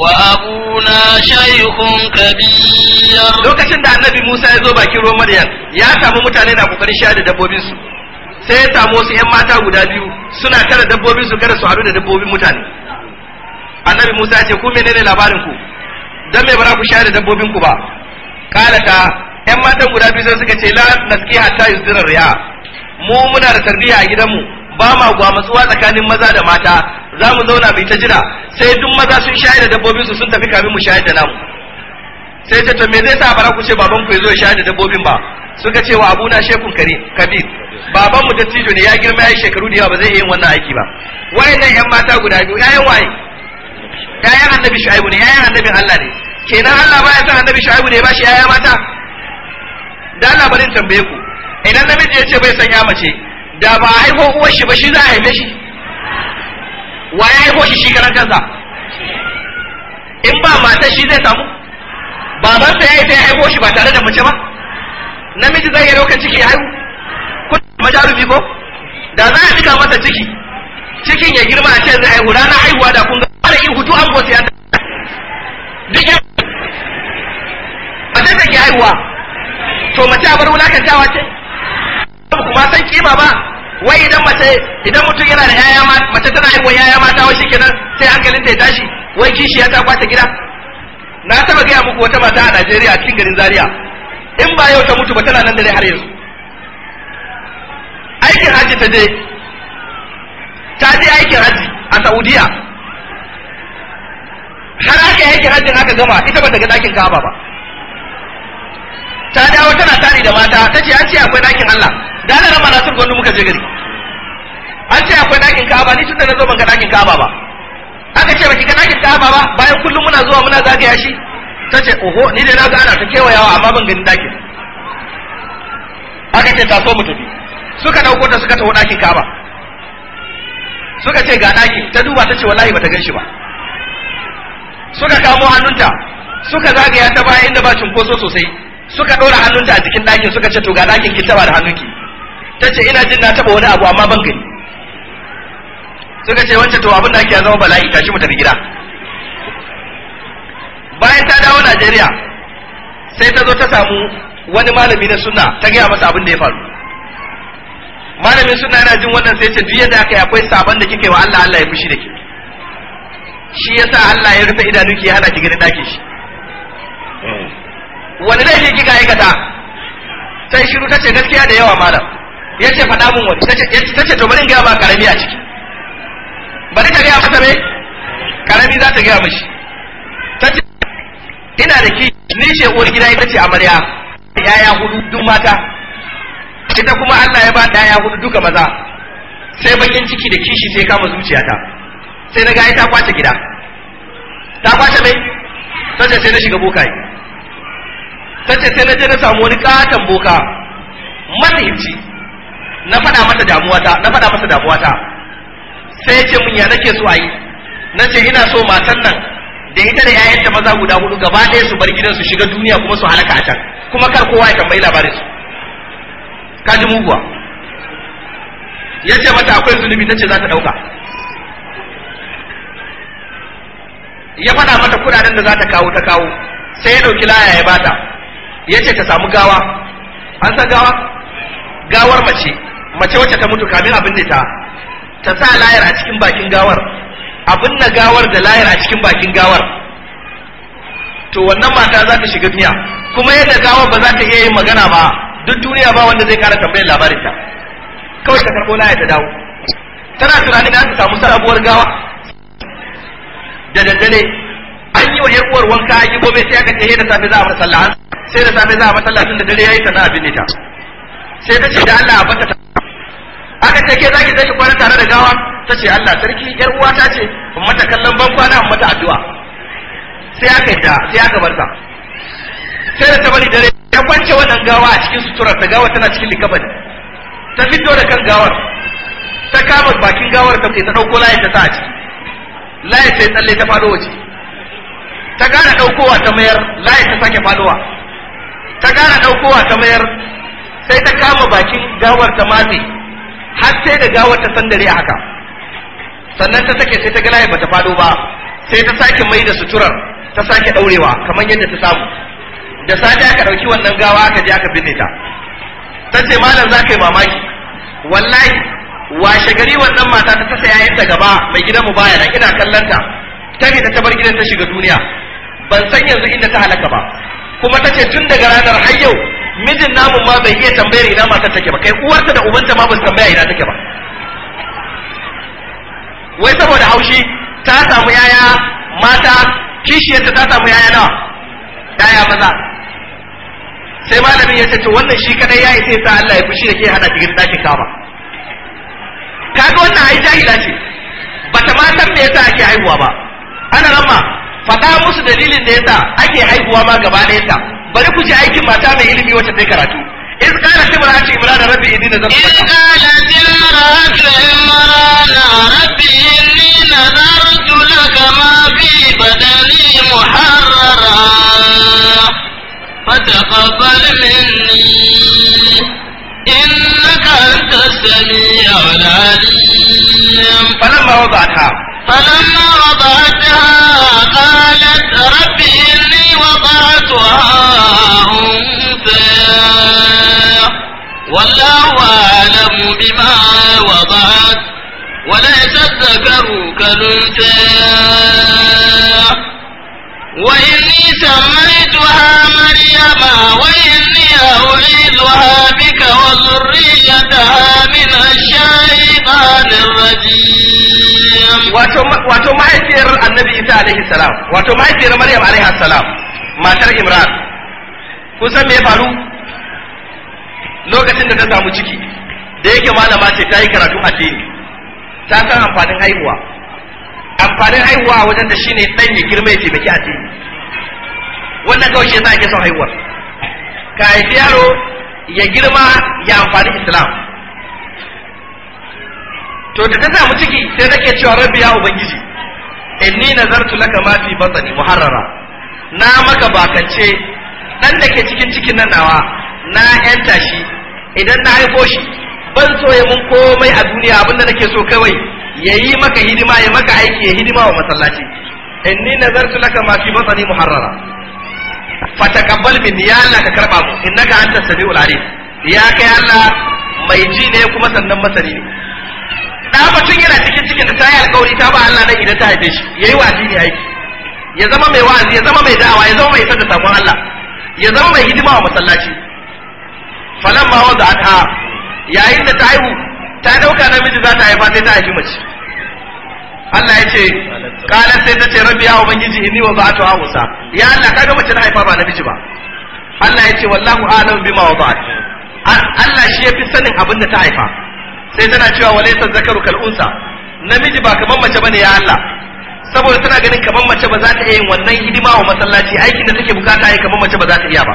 wa abuna shaykhun kabir lokacin da annabi Musa ya zo bakin ruwan Maryam ya samu mutane na kokarin shayar da dabbobin su sai ya samu wasu yan mata guda biyu suna tare dabbobin su kada su haɗu da dabbobin mutane annabi musa ya ce ku menene labarin ku dan me bara ku sha da dabbobin ku ba kalata yan matan guda biyu sai suka ce la naski hatta yusdirar riya mu muna da tarbiyya a gidanmu ba ma gwamatsuwa tsakanin maza da mata za mu zauna bai ta jira sai duk maza sun sha da dabbobin su sun tafi kafin mu sha da namu sai ta to me zai sa bara ku ce baban ku ya zo ya sha da dabbobin ba suka ce wa abuna shekun kare kabir baban mu dattijo ne ya girma ya shekaru da yawa ba zai yin wannan aiki ba wayannan yan mata guda biyu yayan waye yayan annabi shu'aibu ne yayan annabin Allah ne kenan Allah baya san annabi shu'aibu ne ba shi yaya mata da Allah bari in tambaye ku idan namiji ya ce bai san ya mace da ba haifo uwar shi ba shi za a haife shi wa ya haifo shi shi karan kansa in ba mata shi zai samu babansa ya yi ta ya haifo shi ba tare da mace ba namiji zai yi lokacin ciki haihu majarumi ko da za a cika masa ciki cikin ya girma a ce zai haihu rana haihuwa da kun ga fara in hutu an gosi an duk ya mace take haihuwa to mace a bar wulakantawa ce kuma san kima ba wai idan mace idan mutum yana da yaya mace tana haihuwa yaya mata wai shikenan sai hankalin ta ya tashi wai kishi ya ta kwata gida na taba gaya muku wata mata a Najeriya cikin garin Zaria in ba yau ta mutu ba tana nan da har yanzu aikin haji ta je ta je aikin haji a saudiya har aka aikin hajjin aka gama ita bata ga dakin kaba ba ta dawo tana tari da mata ta ce an ce akwai dakin allah da na rama na sun muka je gari an ce akwai dakin kaba ni tunda na zo ban ga dakin kaba ba aka ce baki ga dakin kaba ba bayan kullum muna zuwa muna zagaya shi ta ce oho ni dai na ga ana ta kewayawa amma ban gani dakin aka ce ta so mu tafi suka dauko ta suka taho ɗakin kaba suka ce ga ɗakin ta duba ta ce wallahi bata gan shi ba suka kamo hannunta suka zagaya ta baya inda ba cunkoso sosai suka ɗora hannunta a jikin ɗakin suka ce to ga ɗakin ki taba da hannunki ta ce ina jin na taba wani abu amma ban gani suka ce wancan to abin da ake zama bala'i tashi mu tafi gida bayan ta dawo Najeriya sai ta zo ta samu wani malami na sunna ta gaya masa abin da ya faru malamin suna yana jin wannan sai ce duk yadda aka yi akwai sabon da kike wa Allah Allah ya fushi da ke shi yasa Allah ya rufe idanu ki hana ki gani dakin shi hmm. wani laifi kika aikata sai shiru ta ce gaskiya da yawa malam Ya ce faɗa mun wani ce to bari in ga ba karami a ciki bari ta ga masa me karami za ta ga mishi ce ina da ki ni ce uwar gida ita ce amarya yaya hudu duk mata ita kuma Allah ya ba ɗaya hudu duka maza sai bakin ciki da kishi sai kama zuciyata sai na ga ta kwace gida ta kwace mai sace sai na shiga bokaye sace sai na je na samu wani katon boka manhimci na faɗa masa damuwata na faɗa masa damuwata sai ya ce mun ya nake so a yi na ce ina so matan nan da ita da 'ya'yanta maza guda hudu gaba ɗaya su bar gidan su shiga duniya kuma su halaka a can kuma kar kowa ya tambayi labarin su ka ji muguwa ya ce mata akwai zunubi ta ce za ta ɗauka ya faɗa mata kuɗaɗen da za ta kawo ta kawo sai ya ɗauki laya ya bata ya ce ta samu gawa an san gawa gawar mace mace wacce ta mutu kamin abin da ta ta sa layar a cikin bakin gawar abin na gawar da layar a cikin bakin gawar to wannan mata za ta shiga duniya kuma yadda gawar ba za ta iya yin magana ba duk duniya ba wanda zai kara tambayar labarin ta kawai ta karɓo laya ta dawo tana tunanin an samu sarabuwar gawa da daddare an yi wa yar uwar wanka an yi gobe sai aka ce da safe za a mata sallah sai da safe za a mata sallah tun da dare yayi ta na abin ta sai ta ce da Allah a bata aka ce ke zaki zaki kwana tare da gawa ta ce Allah sarki yar uwa ta ce mata kallon ban kwana mata addu'a sai aka yi ta sai aka ta sai da ta bari dare ta kwance wannan gawa a cikin sutura ta gawa tana cikin likabari ta fito da kan gawar ta kama bakin gawar ta kai ta ɗauko layin ta sa a ciki layin sai tsalle ta fado waje ta gana daukowa ta mayar layin ta sake fadowa ta gana daukowa ta mayar sai ta kama bakin gawar ta matse har sai da gawar ta sandare a haka sannan ta sake sai ta ga layin bata fado ba sai ta sake mai da suturar ta sake daurewa kamar yadda ta samu da sati aka ɗauki wannan gawa aka je aka binne ta ta ce malam za ka yi mamaki wallahi washe gari wannan mata ta tasa yayinta gaba mai gidan mu baya ina kallon ta ta ta bar gidan ta shiga duniya ban san yanzu inda ta halaka ba kuma ta ce tun daga ranar har yau mijin namun ma bai iya tambayar ina mata take ba kai uwarta da ubanta ma ba su tambaya ina take ba wai saboda haushi ta samu yaya mata kishiyarta ta samu yaya nawa yaya maza sai malamin ya ce wannan shi kadai ya isa sa Allah ya fushi da ke hana cikin dakin kaba kaga wannan ai jahila ce bata ma san me yasa ake haihuwa ba ana ramma faɗa musu dalilin da yasa ake haihuwa ma gaba da yasa bari ku ji aikin mata mai ilimi wacce ta karatu إذ قالت امرأة عمران ربي إني نذرت إذ قالت امرأة عمران ربي إني نذرت لك ما في بدني محررا فتقبل مني إنك أنت السميع العليم فلما وضعتها فلما وضعتها قالت ربي إني وضعتها أنثى والله أعلم بما وضعت وليس الذكر كالأنثى وإني سميتها مريم وإني أعيذها بك وذريتها من الشيطان الرجيم واتو مايكير النبي إيسى عليه السلام واتو مايكير مريم عليه السلام ما ترى إمران san me ya faru lokacin da ta samu ciki da yake malama ce ta yi karatu addini ta san amfanin haihuwa amfanin haihuwa wajen da shine dan ya girma ya taimaki addini wannan kawai shi yasa ake son haihuwar ka haifi yaro ya girma ya amfani islam to da ta samu ciki sai take cewa rabbi ya ubangiji inni nazartu laka ma fi batni muharrara na maka bakance dan da ke cikin cikin nan nawa na yanta shi idan na haifo shi ban so ya mun komai a duniya abinda nake so kawai yayi maka hidima ya maka aiki ya hidima wa masallaci inni nazartu laka ma fi batni muharrara fatakabbal min ya Allah ka karba mu innaka antas samiul alim ya kai Allah mai ji ne kuma sannan masani ne da mutum yana cikin cikin da sai alƙawari ta ba Allah nan idan ta haife shi yayi wazi ne aiki ya zama mai wazi ya zama mai da'awa ya zama mai isar sakon Allah ya zama mai hidima wa masallaci falamma wada'atha yayin da ta haihu ta dauka namiji za ta haifa sai ta haifi mace Allah ya ce kala sai ta ce rabbi ya ubangiji inni wa ba'atu musa ya Allah kaga mace na haifa ba namiji ba Allah ya ce wallahu a'lam bima wada'at Allah shi yafi sanin abin da ta haifa sai tana cewa walaysa zakaru kal unsa namiji ba kaman mace bane ya Allah saboda tana ganin kaman mace ba za ta iya yin wannan hidima wa masallaci aikin da take bukata ai kaman mace ba za ta iya ba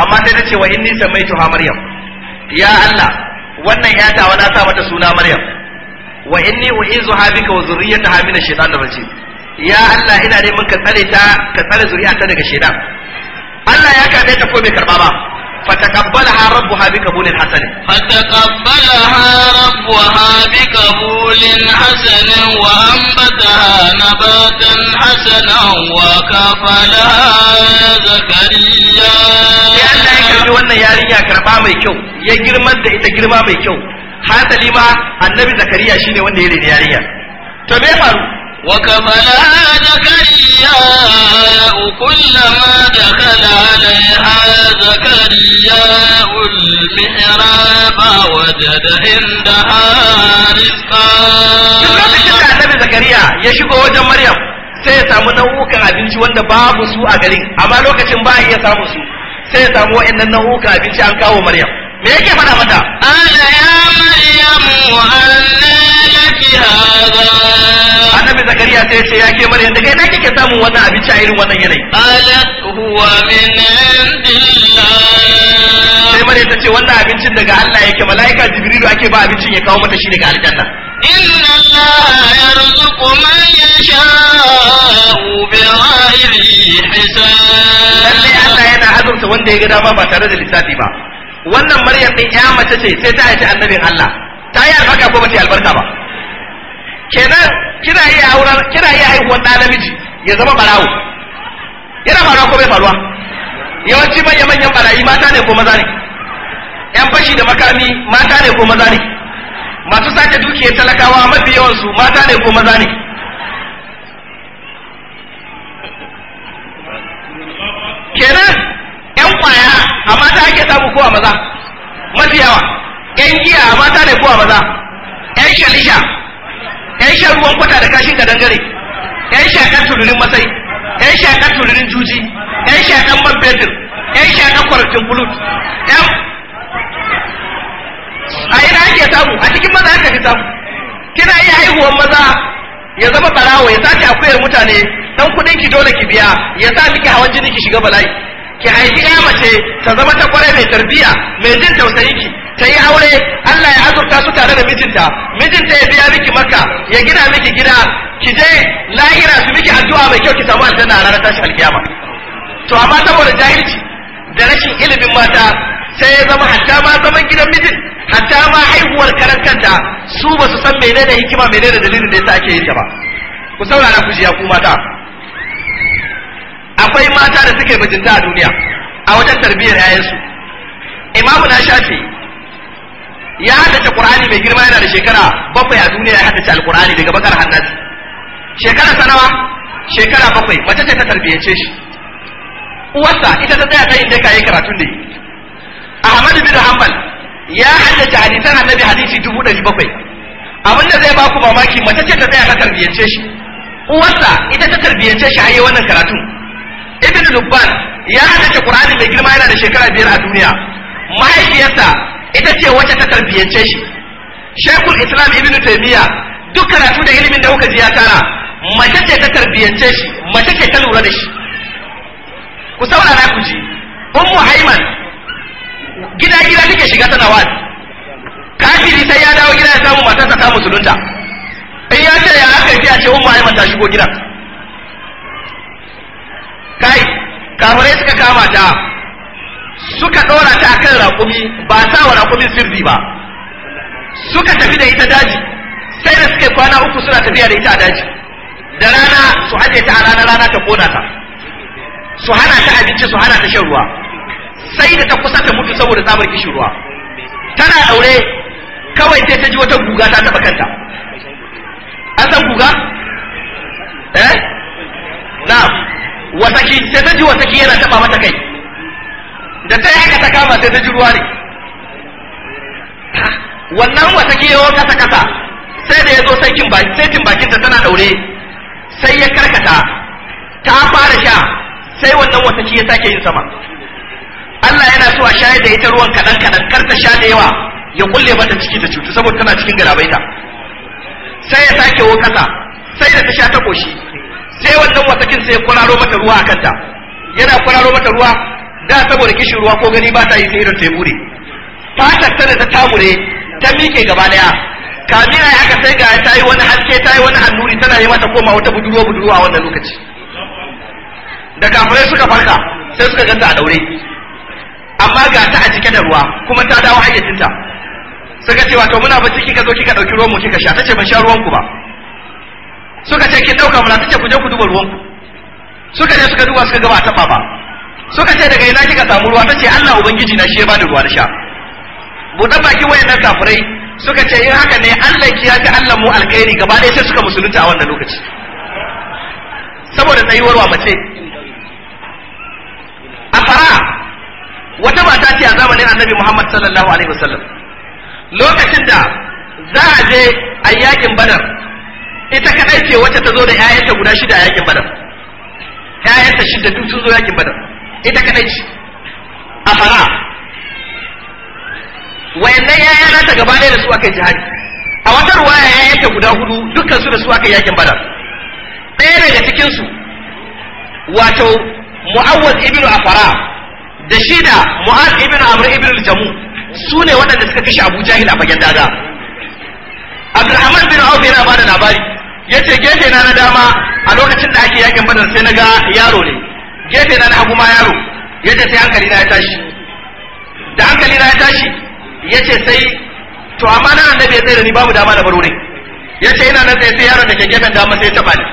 amma sai ta ce wa inni samaitu ha maryam ya Allah wannan ya ta wani sa mata suna maryam wa inni u'izuha bika wa zurriyyataha min ash-shaytanir rajim ya Allah ina neman ka tsare ta ka tsare zuriyata daga shaytan Allah ya karbe ta ko bai karba ba فتقبلها ربها بقبول حسن فتقبلها wa بقبول حسن وأنبتها نباتا حسنا وكفلها ya يا الله يكرمي wannan yarinya karba mai kyau ya girmar da ita girma mai kyau hasali ma annabi zakariya shine wanda ya rene yarinya to me faru وكفلا زكريا كلما دخل عليها زكريا المحراب وجد عندها رزقا annabi zakariya ya shigo wajen maryam sai ya samu nau'ukan abinci wanda babu su a garin amma lokacin ba ya samu su sai ya samu wa'annan nau'ukan abinci an kawo maryam me yake fada mata ala ya مريم أنى لك هذا annabi zakariya sai ce ya ke maryam da kai na kike samun wannan abinci a irin wannan yanayi qalat huwa min indillah sai maryam ta ce wannan abincin daga Allah yake malaika jibrilu ake ba abincin ya kawo mata shi daga aljanna inna allaha yarzuqu man yasha'u bighayri hisab lalle Allah yana azurta wanda ya ga dama ba tare da lissafi ba wannan maryam din ya mace ce sai ta haifi annabin Allah ta yi albarka ko bata yi albarka ba kenan kina iya auren kina iya haihuwar ɗa namiji ya zama barawo yana faruwa ko bai faruwa yawanci manya manyan barayi mata ne ko maza ne yan fashi da makami mata ne ko maza ne masu sace dukiyar talakawa mafi yawansu mata ne ko maza ne kenan yan kwaya a mata ake samu kowa maza mafi yawa yan giya a mata ne kowa maza yan shalisha yan shan ruwan kwata da kashin kadangare ƴan yan shakar tururin masai yan shakar tururin juji yan shakar man fetur yan shakar kwarantin bulut yan a ina ake samu a cikin maza aka fi samu kina iya haihuwar maza ya zama barawo ya sace akuyar mutane dan kudin ki dole ki biya ya sa miki hawan jini ki shiga bala'i ki haifi ya mace ta zama ta kwarai mai tarbiyya mai jin tausayin ki ta yi aure Allah ya azurta su tare da mijinta mijinta ya biya miki maka ya gina miki gida ki je lahira su miki addu'a mai kyau ki samu aljanna a ranar tashin alkiyama to amma saboda jahilci da rashin ilimin mata sai ya zama hatta ma zaman gidan mijin hatta ma haihuwar karan kanta su ba su san menene hikima menene dalilin da yasa ake yin ta ba ku saurara ku ji ya ku mata akwai mata da suke bijinta a duniya a wajen tarbiyyar yayansu imamu na shafi ya haddace qur'ani mai girma yana da shekara bakwai a duniya ya haddace alqur'ani daga bakar hannati shekara sanawa shekara bakwai mace ce ta tarbiyyace shi uwarsa ita ta tsaya ta inda kayi karatun da yi ahmadu bin hanbal ya haddace hadisan annabi hadisi dubu ɗari bakwai abin da zai ba ku mamaki mace ce ta tsaya ta tarbiyyace shi uwarsa ita ta tarbiyyace shi a yi wannan karatun ibn Dubban ya haddace qur'ani mai girma yana da shekara biyar a duniya mahaifiyarsa ita ce wacce ta tarbiyyance shi shekul islam ibn taymiya duk karatu da ilimin da kuka ji ya tara mace ce ta tarbiyyance shi mace ce ta lura da shi ku saurara ku ji ummu haiman gida gida take shiga tana wa'azi kafiri sai ya dawo gida ya samu matarsa ta musulunta in ya ce ya aka ce a ce ummu haiman ta shigo gidan kai kamarai suka kama ta suka ɗora ta kan raƙumi ba sa wa raƙumin sirri ba suka tafi da ita daji sai da suka kwana uku suna tafiya da ita a daji da rana su aje ta a rana rana ta kona ta su hana ta abinci su hana ta shan ruwa sai da ta kusa ta mutu saboda tsabar kishin ruwa tana aure kawai sai ta ji wata guga ta taɓa kanta an san guga eh na'am wasaki sai ta ji wasaki yana taba mata kai da ta yaka ta kama sai ta ji ruwa ne wannan wasaki yawon kasa kasa sai da ya zo sai kin baki sai kin bakin ta tana daure sai ya karkata ta fara sha sai wannan wasaki ya sake yin sama Allah yana so a shayar da ita ruwan kadan kadan kar ta sha da yawa ya kulle mata ciki ta cutu saboda tana cikin garabaita sai ya sake wo kasa sai da ta sha ta koshi sai wannan wasakin sai kwararo mata ruwa a kanta yana kwararo mata ruwa da saboda kishin ruwa ko gani ba ta yi sai irin ta bude fatar ta da ta tamure ta miƙe gaba daya kamina ya aka sai ga ta yi wani haske ta yi wani annuri tana yi mata koma wata budurwa budurwa a wannan lokaci da kafirai suka farka sai suka ganta a daure amma ga ta a cike da ruwa kuma ta dawo hayyacinta suka ce wato muna ciki kika zo kika ɗauki ruwan mu kika sha tace ban sha ruwan ku ba suka ce ki dauka muna tace ku je ku duba ruwan ku suka je suka duba suka ga ba taba ba suka ce daga ina kika samu ruwa tace Allah ubangiji na shi ya bani ruwa da sha baki bakin wayannan kafirai suka ce in haka ne Allah ki yafi Allah mu alkhairi gaba ɗaya sai suka musulunta a wannan lokaci saboda tsayuwar wa mace a fara wata mata ce a zamanin annabi Muhammad sallallahu alaihi wasallam lokacin da za a je a yakin badar ita kadai ce wacce ta zo da ƴaƴanta guda shida a yakin badar ƴaƴanta shida duk sun zo yakin badar ita kadai ce a fara wayannan ƴaƴa nata gaba ɗaya da su aka jihadi a wata ruwaya 'ya'yanta guda hudu dukkan su da su aka yakin badar ɗaya daga cikin su wato mu'awwaz ibn afara da shi da mu'az ibn amr ibnu jamu su ne waɗanda suka kashe abu jahil a fagen daga abdulrahman bin auf yana bada labari yace gefe na na dama a lokacin da ake yakin badar sai na ga yaro ne gefe na na hagu ma yaro yace sai hankali na ya tashi da hankali na ya tashi yace sai to amma na annabi ya tsaye da ni babu dama na baro ne yace ina na tsaye sai yaron da ke gefen dama sai ya taba ni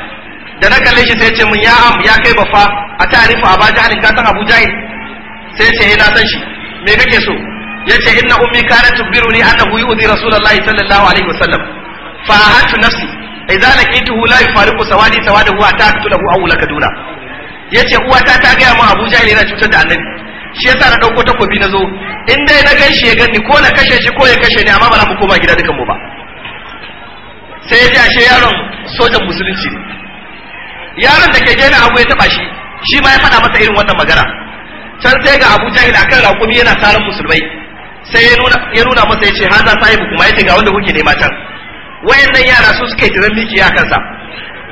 da na kalle shi sai ya ce mun ya am ya kai bafa a tarifa a baji alin kasan abu jahil sai ce ina eh, san shi me kake so yace inna ummi kanat tubiruni annahu yu'dhi rasulullahi sallallahu alaihi wasallam fa ahatu nafsi idza laqituhu la yufariqu sawadi huwa hatta lahu aw lakaduna yace uwata ta gaya mu Abuja ne yana cutar da annabi shi yasa na dauko takobi na zo in dai na gan shi ya ganni ko na kashe shi ko ya kashe ni amma ba za mu koma gida dukan mu ba sai ya ji yaron sojan musulunci ne yaron da ke gena abu ya taba shi shi ma ya faɗa masa irin wannan magana can sai ga Abu Jahil akan raƙumi yana saran musulmai sai ya nuna masa ya ce haza sahibu kuma ya ce ga wanda kuke nema can wayannan yara su suka yi tiran miki ya kansa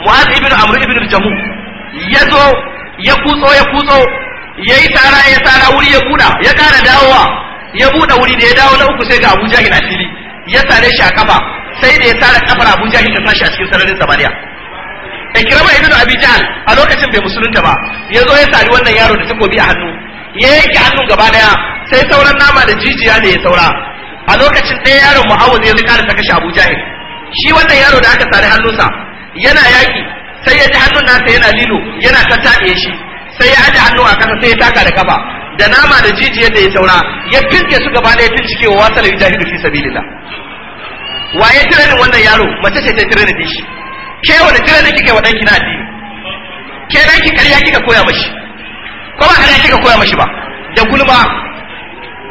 mu'az ibn amr ibn jamu ya zo ya kutso ya kutso ya yi tara ya tara wuri ya buɗa ya ƙara dawowa ya buɗe wuri da ya dawo na uku sai ga abuja a fili ya tare shi a kafa sai da ya tara kafar abuja jahil ta tashi a cikin sararin samaniya ikirama ibn abi jahl a lokacin bai musulunta ba ya zo ya sari wannan yaro da takobi a hannu ya yanke hannun gaba daya sai sauran nama da jijiya ne ya saura a lokacin ɗaya yaron mu'awuz ya zai kara ta kashe abu shi wannan yaro da aka sare hannunsa yana yaki sai ya ji hannun nasa yana lilo yana ta taɗe shi sai ya aje hannu a kasa sai ya taka da kafa da nama da jijiyar da ya saura ya tinke su gaba ɗaya tun cikewa wasa da jahidu fi sabilillah waye tirenin wannan yaro mace ce ta tirenin din shi ke wani tirenin kike wa ɗanki na addini ke ɗanki ƙarya kika koya mashi ko ba ƙarya kika koya mashi ba da gulma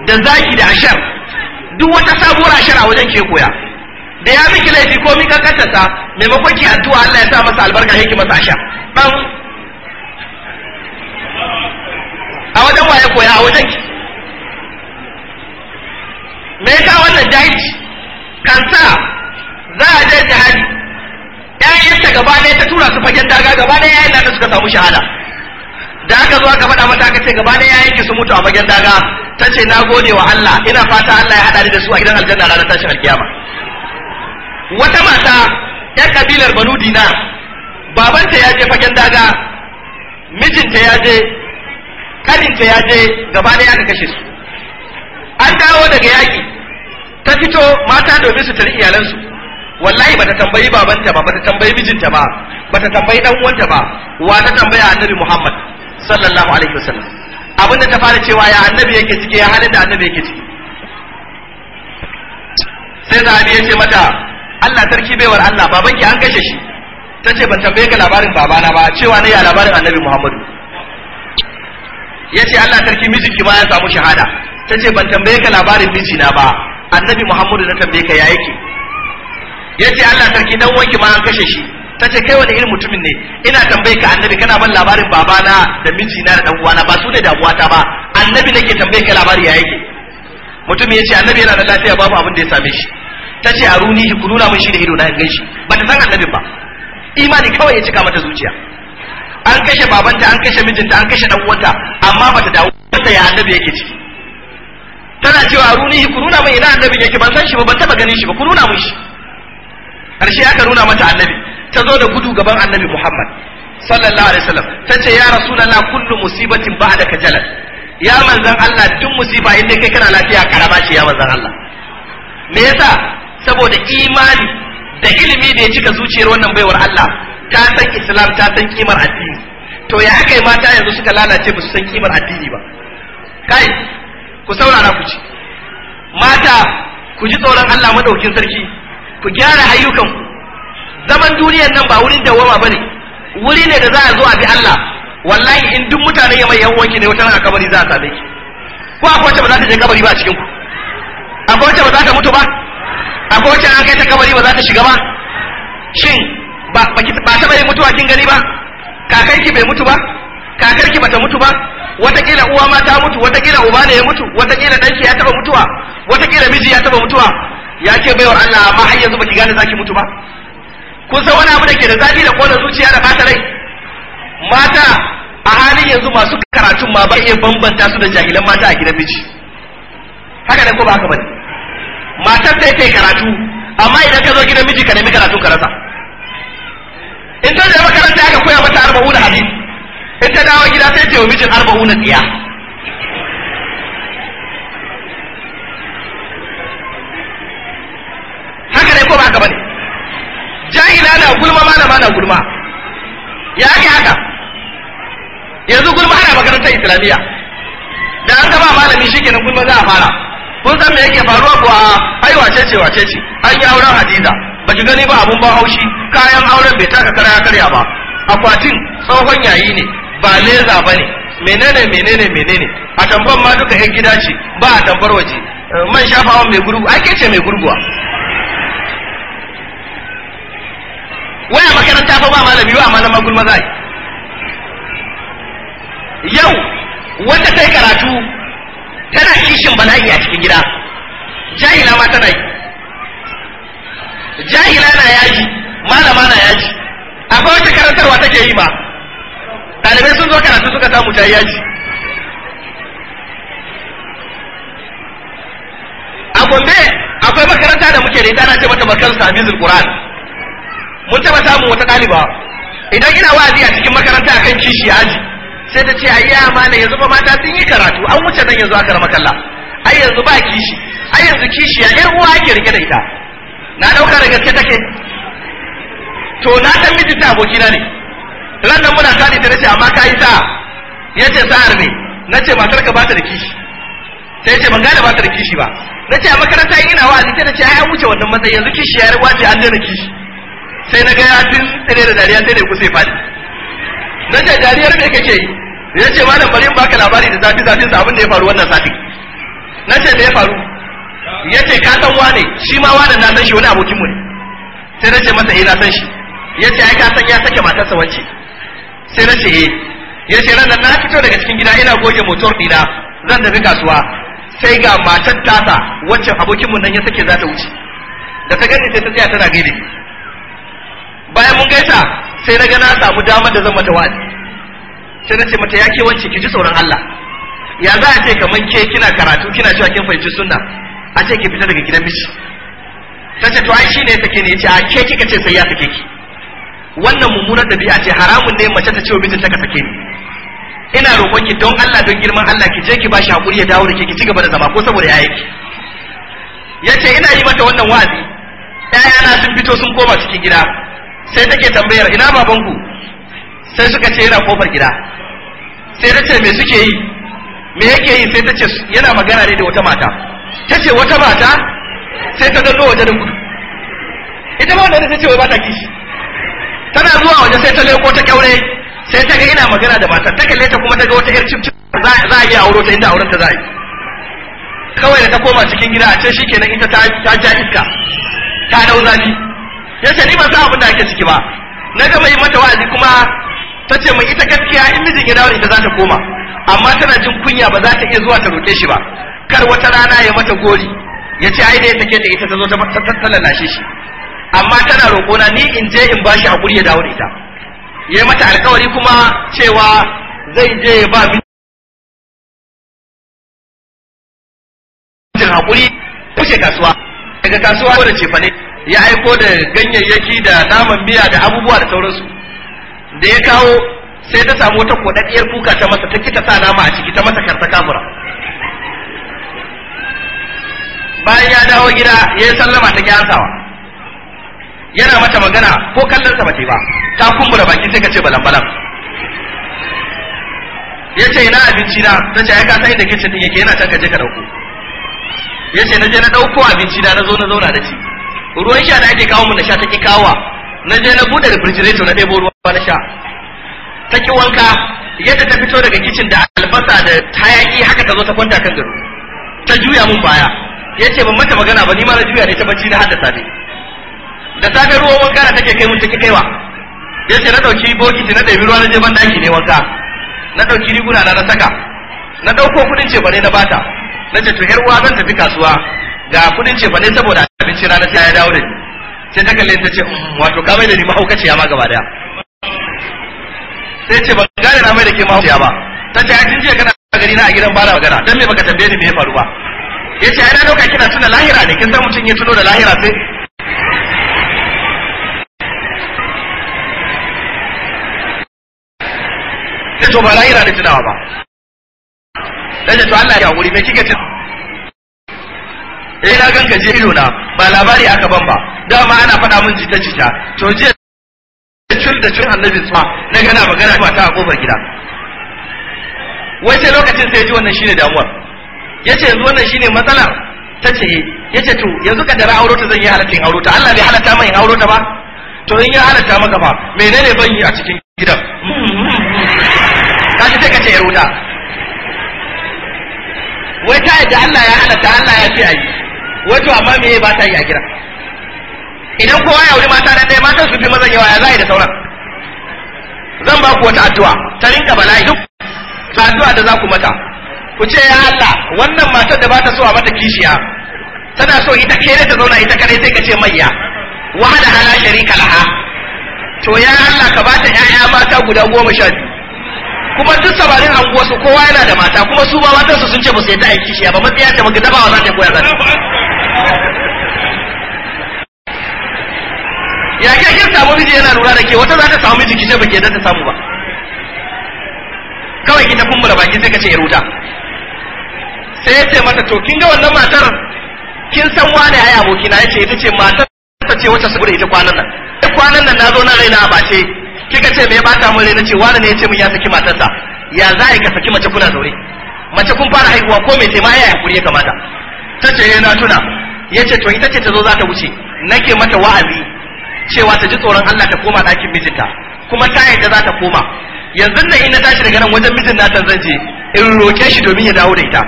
da zaki da ashar duk wata sabuwar ashar a wajen ke koya da ya miki laifi ko mika kaccasa maimakon ki addu'a Allah ya sa masa albarka yake masa sha dan a wajen waye koya a wajen ki me ka wannan jahilci kansa za a je jihadi ƴaƴanta gaba ɗaya ta tura su fagen daga gaba ɗaya ƴaƴan da suka samu shahada da aka zo aka faɗa mata aka ce gaba ɗaya yayin ki su mutu a fagen daga ta ce na gode wa Allah ina fata Allah ya haɗa ni da su a gidan aljanna ranar tashin alkiyama wata mata ya kabilar banu dina babanta ya je fagen daga mijinta ya je kaninta ya je gaba da aka kashe su an dawo daga yaƙi ta fito mata domin su tari iyalansu wallahi bata tambayi babanta ba bata tambayi mijinta ba bata tambayi dan uwanta ba wa ta tambaya annabi Muhammad sallallahu alaihi wasallam abinda ta fara cewa ya annabi yake ciki ya halin da annabi yake ciki sai sahabi ya ce mata Allah sarki baiwar Allah babanki an kashe shi ta ce ban tambaye ka labarin babana ba cewa ne ya labarin annabi Muhammadu ya ce Allah sarki mijinki ba ya samu shahada ta ce ban tambaye ka labarin mijina ba annabi Muhammadu na tambaye ka ya yake ya ce Allah sarki dan wanki ma an kashe shi ta ce kai wani irin mutumin ne ina tambaye ka annabi kana ban labarin babana da mijina da dan uwana ba su ne damuwata ba annabi nake tambaye ka labari ya yake mutum ya ce annabi yana da lafiya babu abin da ya same shi ta ce aruni ku nuna mun shi da ido na gan shi ba ta san annabin ba imani kawai ya cika mata zuciya an kashe babanta an kashe mijinta an kashe dan uwanta amma ba ta dawo ta ya annabi yake ciki tana cewa aruni ku nuna mun ina annabi yake ban san shi ba ban taba ganin shi ba ku nuna mun shi karshe aka nuna mata annabi ta zo da gudu gaban annabi Muhammad sallallahu alaihi wasallam ta ce ya rasulullah kullu musibatin ba'daka jalal ya manzan Allah duk musiba inda kai kana lafiya karaba ce ya manzan Allah me yasa saboda imani da ilimi da ya cika zuciyar wannan baiwar Allah ta san islam ta san kimar addini to ya aka yi mata yanzu suka lalace ba su san kimar addini ba kai ku saurara ku ci mata ku ji tsoron Allah madaukin sarki ku gyara ayyukanku zaman duniyar nan ba wurin dawama bane wuri ne da za a zo a bi Allah wallahi in duk mutane ya mai yan wanki ne wata ran kabari za a same ki ko akwai wacce ba za ta je kabari ba a cikin ku akwai wacce ba za ta mutu ba akwai wacce an kai ta kabari ba za ta shiga ba shin ba taɓa bari mutuwa kin gani ba kakarki bai mutu ba kakarki bata mutu ba kila uwa ma ta mutu kila uba ne ya mutu kila danki ya taɓa mutuwa kila miji ya taɓa mutuwa ya ke baiwar Allah amma har yanzu baki gane zaki mutu ba kun san wani abu da ke da zafi da kona zuciya da fata rai mata a halin yanzu masu karatun ma ba iya bambanta su da jahilan mata a gidan miji haka da ko ba haka bane matar sai ta karatu amma idan ka zo gidan miji ka nemi karatu ka rasa in ta da makaranta aka koya mata arba'u da hadis in ta dawo gida sai ta yi mijin arba'u na tsiya haka ne ko ba ba bane jahila na gulma malama na gulma ya ake haka yanzu gulma ana makarantar islamiyya da an gaba malami shi kenan gulma za a fara kun san me yake faruwa kuwa ai wace ce wace ce an yi auren hadiza ba ki gani ba abun ba haushi kayan auren bai taka ya karya ba akwatin tsohon yayi ne ba leza ba ne menene menene menene a tambar ma duka yan gida ce ba a tambar waje eh, man shafawa mai gurgu ake ce mai gurguwa waya makaranta fa ba malami ba malama gulma zai yau wanda ta yi karatu tana kishin bala'i a cikin gida jahila ma tana yi jahila na yaji malama na yaji akwai wata karantarwa take yi ba ɗalibai sun zo karatu suka samu ta yaji a gombe akwai makaranta da muke da ita na ce mata makar sami zirkuran mun taba samun wata ɗaliba idan ina wa'azi a cikin makaranta akan kishi aji sai ta ce a ya amana yanzu ba mata sun yi karatu an wuce nan yanzu aka ramakalla ai yanzu ba kishi ai yanzu kishi ya yar uwa ake rike da ita na dauka da gaske take to na san miji ta abokina ne ran nan muna tani ta ce amma ka yi Ya yace sa'ar ne nace matar ka ba ta da kishi sai ce ban gane ba ta da kishi ba nace a makaranta ina wa'azi sai nace ai an wuce wannan matsayi yanzu kishi ya yarwa an daina kishi sai na ga ya tun tsare da dariya sai da kusa ya fadi na ce me kake yi ya ce malam bari in baka labari da zafi zafin sa abin da ya faru wannan sati na ce me ya faru ya ce ka san wane shi ma wane na san shi wani abokin mu ne sai na ce masa eh na san shi ya ce ai ka san ya sake matarsa wacce sai na ce eh ya ce ran na fito daga cikin gida ina goge motor dina zan tafi kasuwa sai ga matar tasa wacce abokinmu nan ya sake za ta wuce da ta gani sai ta tsaya tana gaida bayan mun gaisa sai na ga na samu damar da zan mata wa'azi sai na ce mata ya ke wance ki ji tsoron Allah ya za a ce kamar ke kina karatu kina cewa kin fahimci sunna a ce ki fita daga gidan miji ta ce to ai shine take ne ya ce a ke kika ce sai ya take ki wannan mummunar dabi'a ce haramun ne mace ta ce wa mijinta ka sake ni ina roƙon ki don Allah don girman Allah ki je ki ba shi hakuri ya dawo da ke ki ci gaba da zama ko saboda yayi ki yace ina yi mata wannan wa'azi ƴaƴana sun fito sun koma cikin gida sai take tambayar ina babanku sai suka ce yana kofar gida sai ta ce me suke yi me yake yi sai ta ce yana magana ne da wata mata ta ce wata mata sai ta gado waje da gudu ita ma da ta ce wai ba ta kishi tana zuwa waje sai ta leko ta kyaure sai ta ga ina magana da mata ta kalle ta kuma ta ga wata yar cip za a iya auro ta inda auren ta za a yi kawai da ta koma cikin gida a ce shikenan ita ta ja iska ta dau zafi ya ce ni ban sa abin da ake ciki ba na gama yi mata wa'azi kuma ta ce mai ita gaskiya in mijin ya dawo ita za ta koma amma tana jin kunya ba za ta iya zuwa ta roƙe shi ba kar wata rana ya mata gori ya ce ai dai take da ita ta zo ta tattala shi amma tana roƙona ni in je in bashi hakuri ya dawo da ita yayi mata alƙawari kuma cewa zai je ya ba hakuri kushe kasuwa daga kasuwa da cefane ne ya aiko da ganyayyaki da naman miya da abubuwa da sauransu da ya kawo sai ta samu wata kodaddiyar kuka ta masa ta kika sa nama a ciki ta masa karta kamura bayan ya dawo gida ya yi sallama ta kyansawa yana mata magana ko kallon sa bace ba ta kumbura baki sai ka ce balan-balan. ya ce ina abinci na ta ce ya ka sai da kicin din yake yana can ka je ka dauko ya ce na je na dauko abinci na na zo na zauna da shi ruwan sha da ake kawo mu na sha ta ki kawa na je na bude refrigerator na ɗebo ruwa na sha ta ki wanka yadda ta fito daga kicin da albasa da hayaki haka ta zo ta kwanta kan gado ta juya mun baya yace ban mata magana ba ni ma na juya ne ta bacci na hada safe. da safe ruwan wanka na take kai mun ki kaiwa yace na dauki bokiti na ɗebi ruwa na je ban daki ne wanka na dauki riguna na na saka na dauko kudin ce bare na bata na ce to yar uwa zan tafi kasuwa ga kudin ce ne saboda ce rana ta ya dawo da ni sai ta kalle ta ce mm, wato ka bai da ni mahaukaciya ma gaba daya sai ce ba gane na mai da ke mahaukaciya ba ta ce tun jiya kana gari na a gidan bana magana don me baka tambaye ni me ya faru ba yace ai na dauka kina tuna lahira ne kin san mutum ya tuno da lahira sai to ba lahira da tunawa ba dan to Allah ya wuri me kike tunawa eh na ganka je ido na ba labari aka ban ba dama ana faɗa min jita jita to jiya cin da cin annabi sa na gana magana ba ta a kofar gida wai sai lokacin sai ji wannan shine damuwar yace yanzu wannan shine matsalar tace eh. yace to yanzu ka dara auro ta zan yi halatin auro ta Allah bai halatta mai auro ta ba to in ya halatta maka ba menene ban yi a cikin gidan kaji sai ka ce ya ruta wai ta yadda Allah ya halatta Allah ya fi ayi wato amma me ba ta yi a gida idan kowa ya wuri mata da dai matan su fi mazan yawa ya zai da sauran zan ba ku wata addu'a ta rinka bala'i duk addu'a da za ku mata ku ce ya Allah wannan matar da ba ta so a mata kishiya tana so ita kere ta zauna ita ka sai ka ce mayya wahada ala sharika laha to ya Allah ka bata ƴaƴa mata guda goma sha biyu kuma duk sabarin anguwa su kowa yana da mata kuma su ba matansu sun ce ba su yadda aiki shi ba matsaya ta magana ba za ta koya zata ya ke kin samu miji yana lura da ke wata za ta samu miji kice ba ke ta samu ba kawai ki ta kumbura baki sai ka ce ruta sai ya ce mata to kin ga wannan matar kin san wane ai aboki na yace ita ce matar ta ce wacce saboda ita kwanan nan kwanan nan na zo na raina a bace kika ce me ya bata mun raina ce wani ne ya ce mun ya saki matarsa ya za ka saki mace kuna zaure mace kun fara haihuwa ko me sai ma ya hakuri ya kamata ta ce na tuna ya ce to ita ce ta zo za ta wuce nake mata wa'azi cewa ta ji tsoron Allah ta koma ɗakin mijinta kuma ta yadda za ta koma yanzu nan ina tashi daga nan wajen mijin nata zan je in roke shi domin ya dawo da ita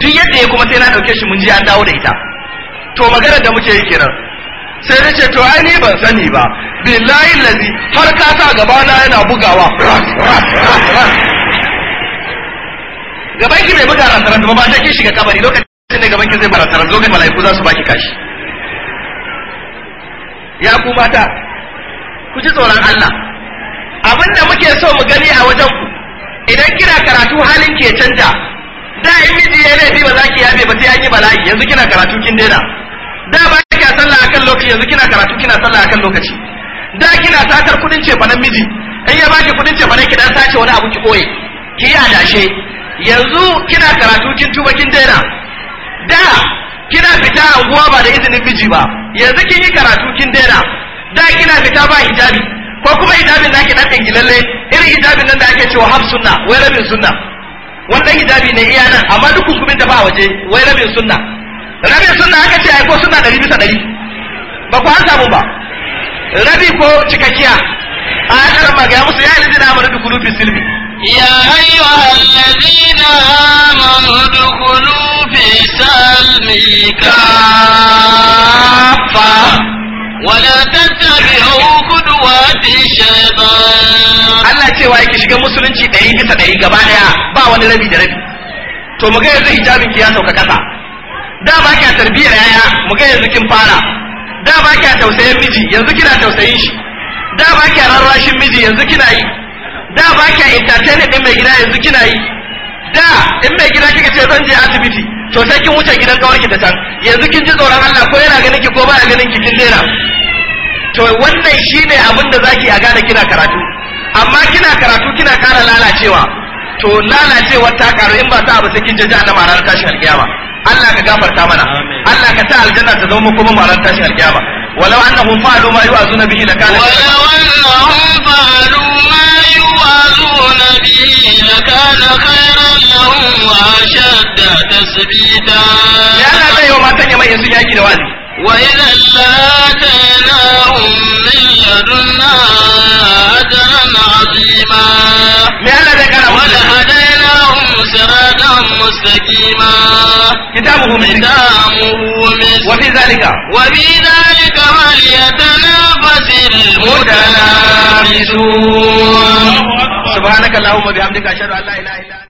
duk yadda ya kuma sai na ɗauke shi mun je an dawo da ita to maganar da muke yi kenan sai ta ce to ai ni ban sani ba billahi lazi har ka sa gaba na yana bugawa gaban ki mai buga ran ba ba ta ke shiga kabari lokacin sai gaban ki zai barata ran lokacin mala'iku za su baki kashi ya ku mata ku ji tsoron Allah abin da muke so mu gani a wajen ku idan kina karatu halin ke canja da in miji ya laifi ba za ki yabe ba sai an yi bala'i yanzu kina karatu kin daina da ba kika sallah akan lokaci yanzu kina karatu kina sallah akan lokaci da kina satar kudin ce fanan miji in ya baki kudin ce fanan ki dan sace wani abu ki koye ki yi adashe yanzu kina karatu kin tuba kin daina da kina fita unguwa ba da izinin miji ba yanzu kin yi karatu kin daina da kina fita ba hijabi ko kuma hijabin da ake dan lalle irin hijabin nan da ake cewa haf sunna wai rabin sunna wannan hijabi ne iya nan amma duk kunkumin da ba waje wai rabin sunna rabin sunna aka ce ai ko sunna ɗari bisa ɗari ba ku an samu ba rabi ko cikakkiya a ya musu ya yi da amara da kulufi silbi يا أيها الذين آمنوا ادخلوا في سلم كافة ولا تتبعوا خطوات الشيطان Allah cewa yake shiga musulunci ɗari bisa ɗari gaba ɗaya ba wani rabi da rabi to mu ga yanzu hijabin ki ya sauka kasa da ba kya tarbiyyar yaya mu ga yanzu kin fara da ba kya tausayin miji yanzu kina tausayin shi da ba kya rarrashin miji yanzu kina yi da ba ka entertainment din mai gida yanzu kina yi da in mai gida kika ce zan je asibiti to sai kin wuce gidan kawarki da can yanzu kin ji tsoron Allah ko yana ganin ki ko ba ya ganin ki kin dena to wannan shine abin da zaki a gane kina karatu amma kina karatu kina kara lalacewa to lalacewar ta karu in ba ta abu sai kin je jahannama ranar tashin alkiyama Allah ka gafarta mana Allah ka sa aljanna ta zama kuma mu ranar tashin alkiyama walau annahum fa'alu ma yu'azuna bihi lakana walau annahum fa'alu ma الذين كان خيرا لهم وأشد تثبيتا يا لا تيوم أتني ما ينسي يا كده وادي وإذا لآتيناهم من لدنا أجرا عظيما يا صراطا مستقيما كتابه من كتابه من وفي ذلك وفي ذلك فليتنافس المتنافسون سبحانك اللهم وبحمدك أشهد أن لا إله إلا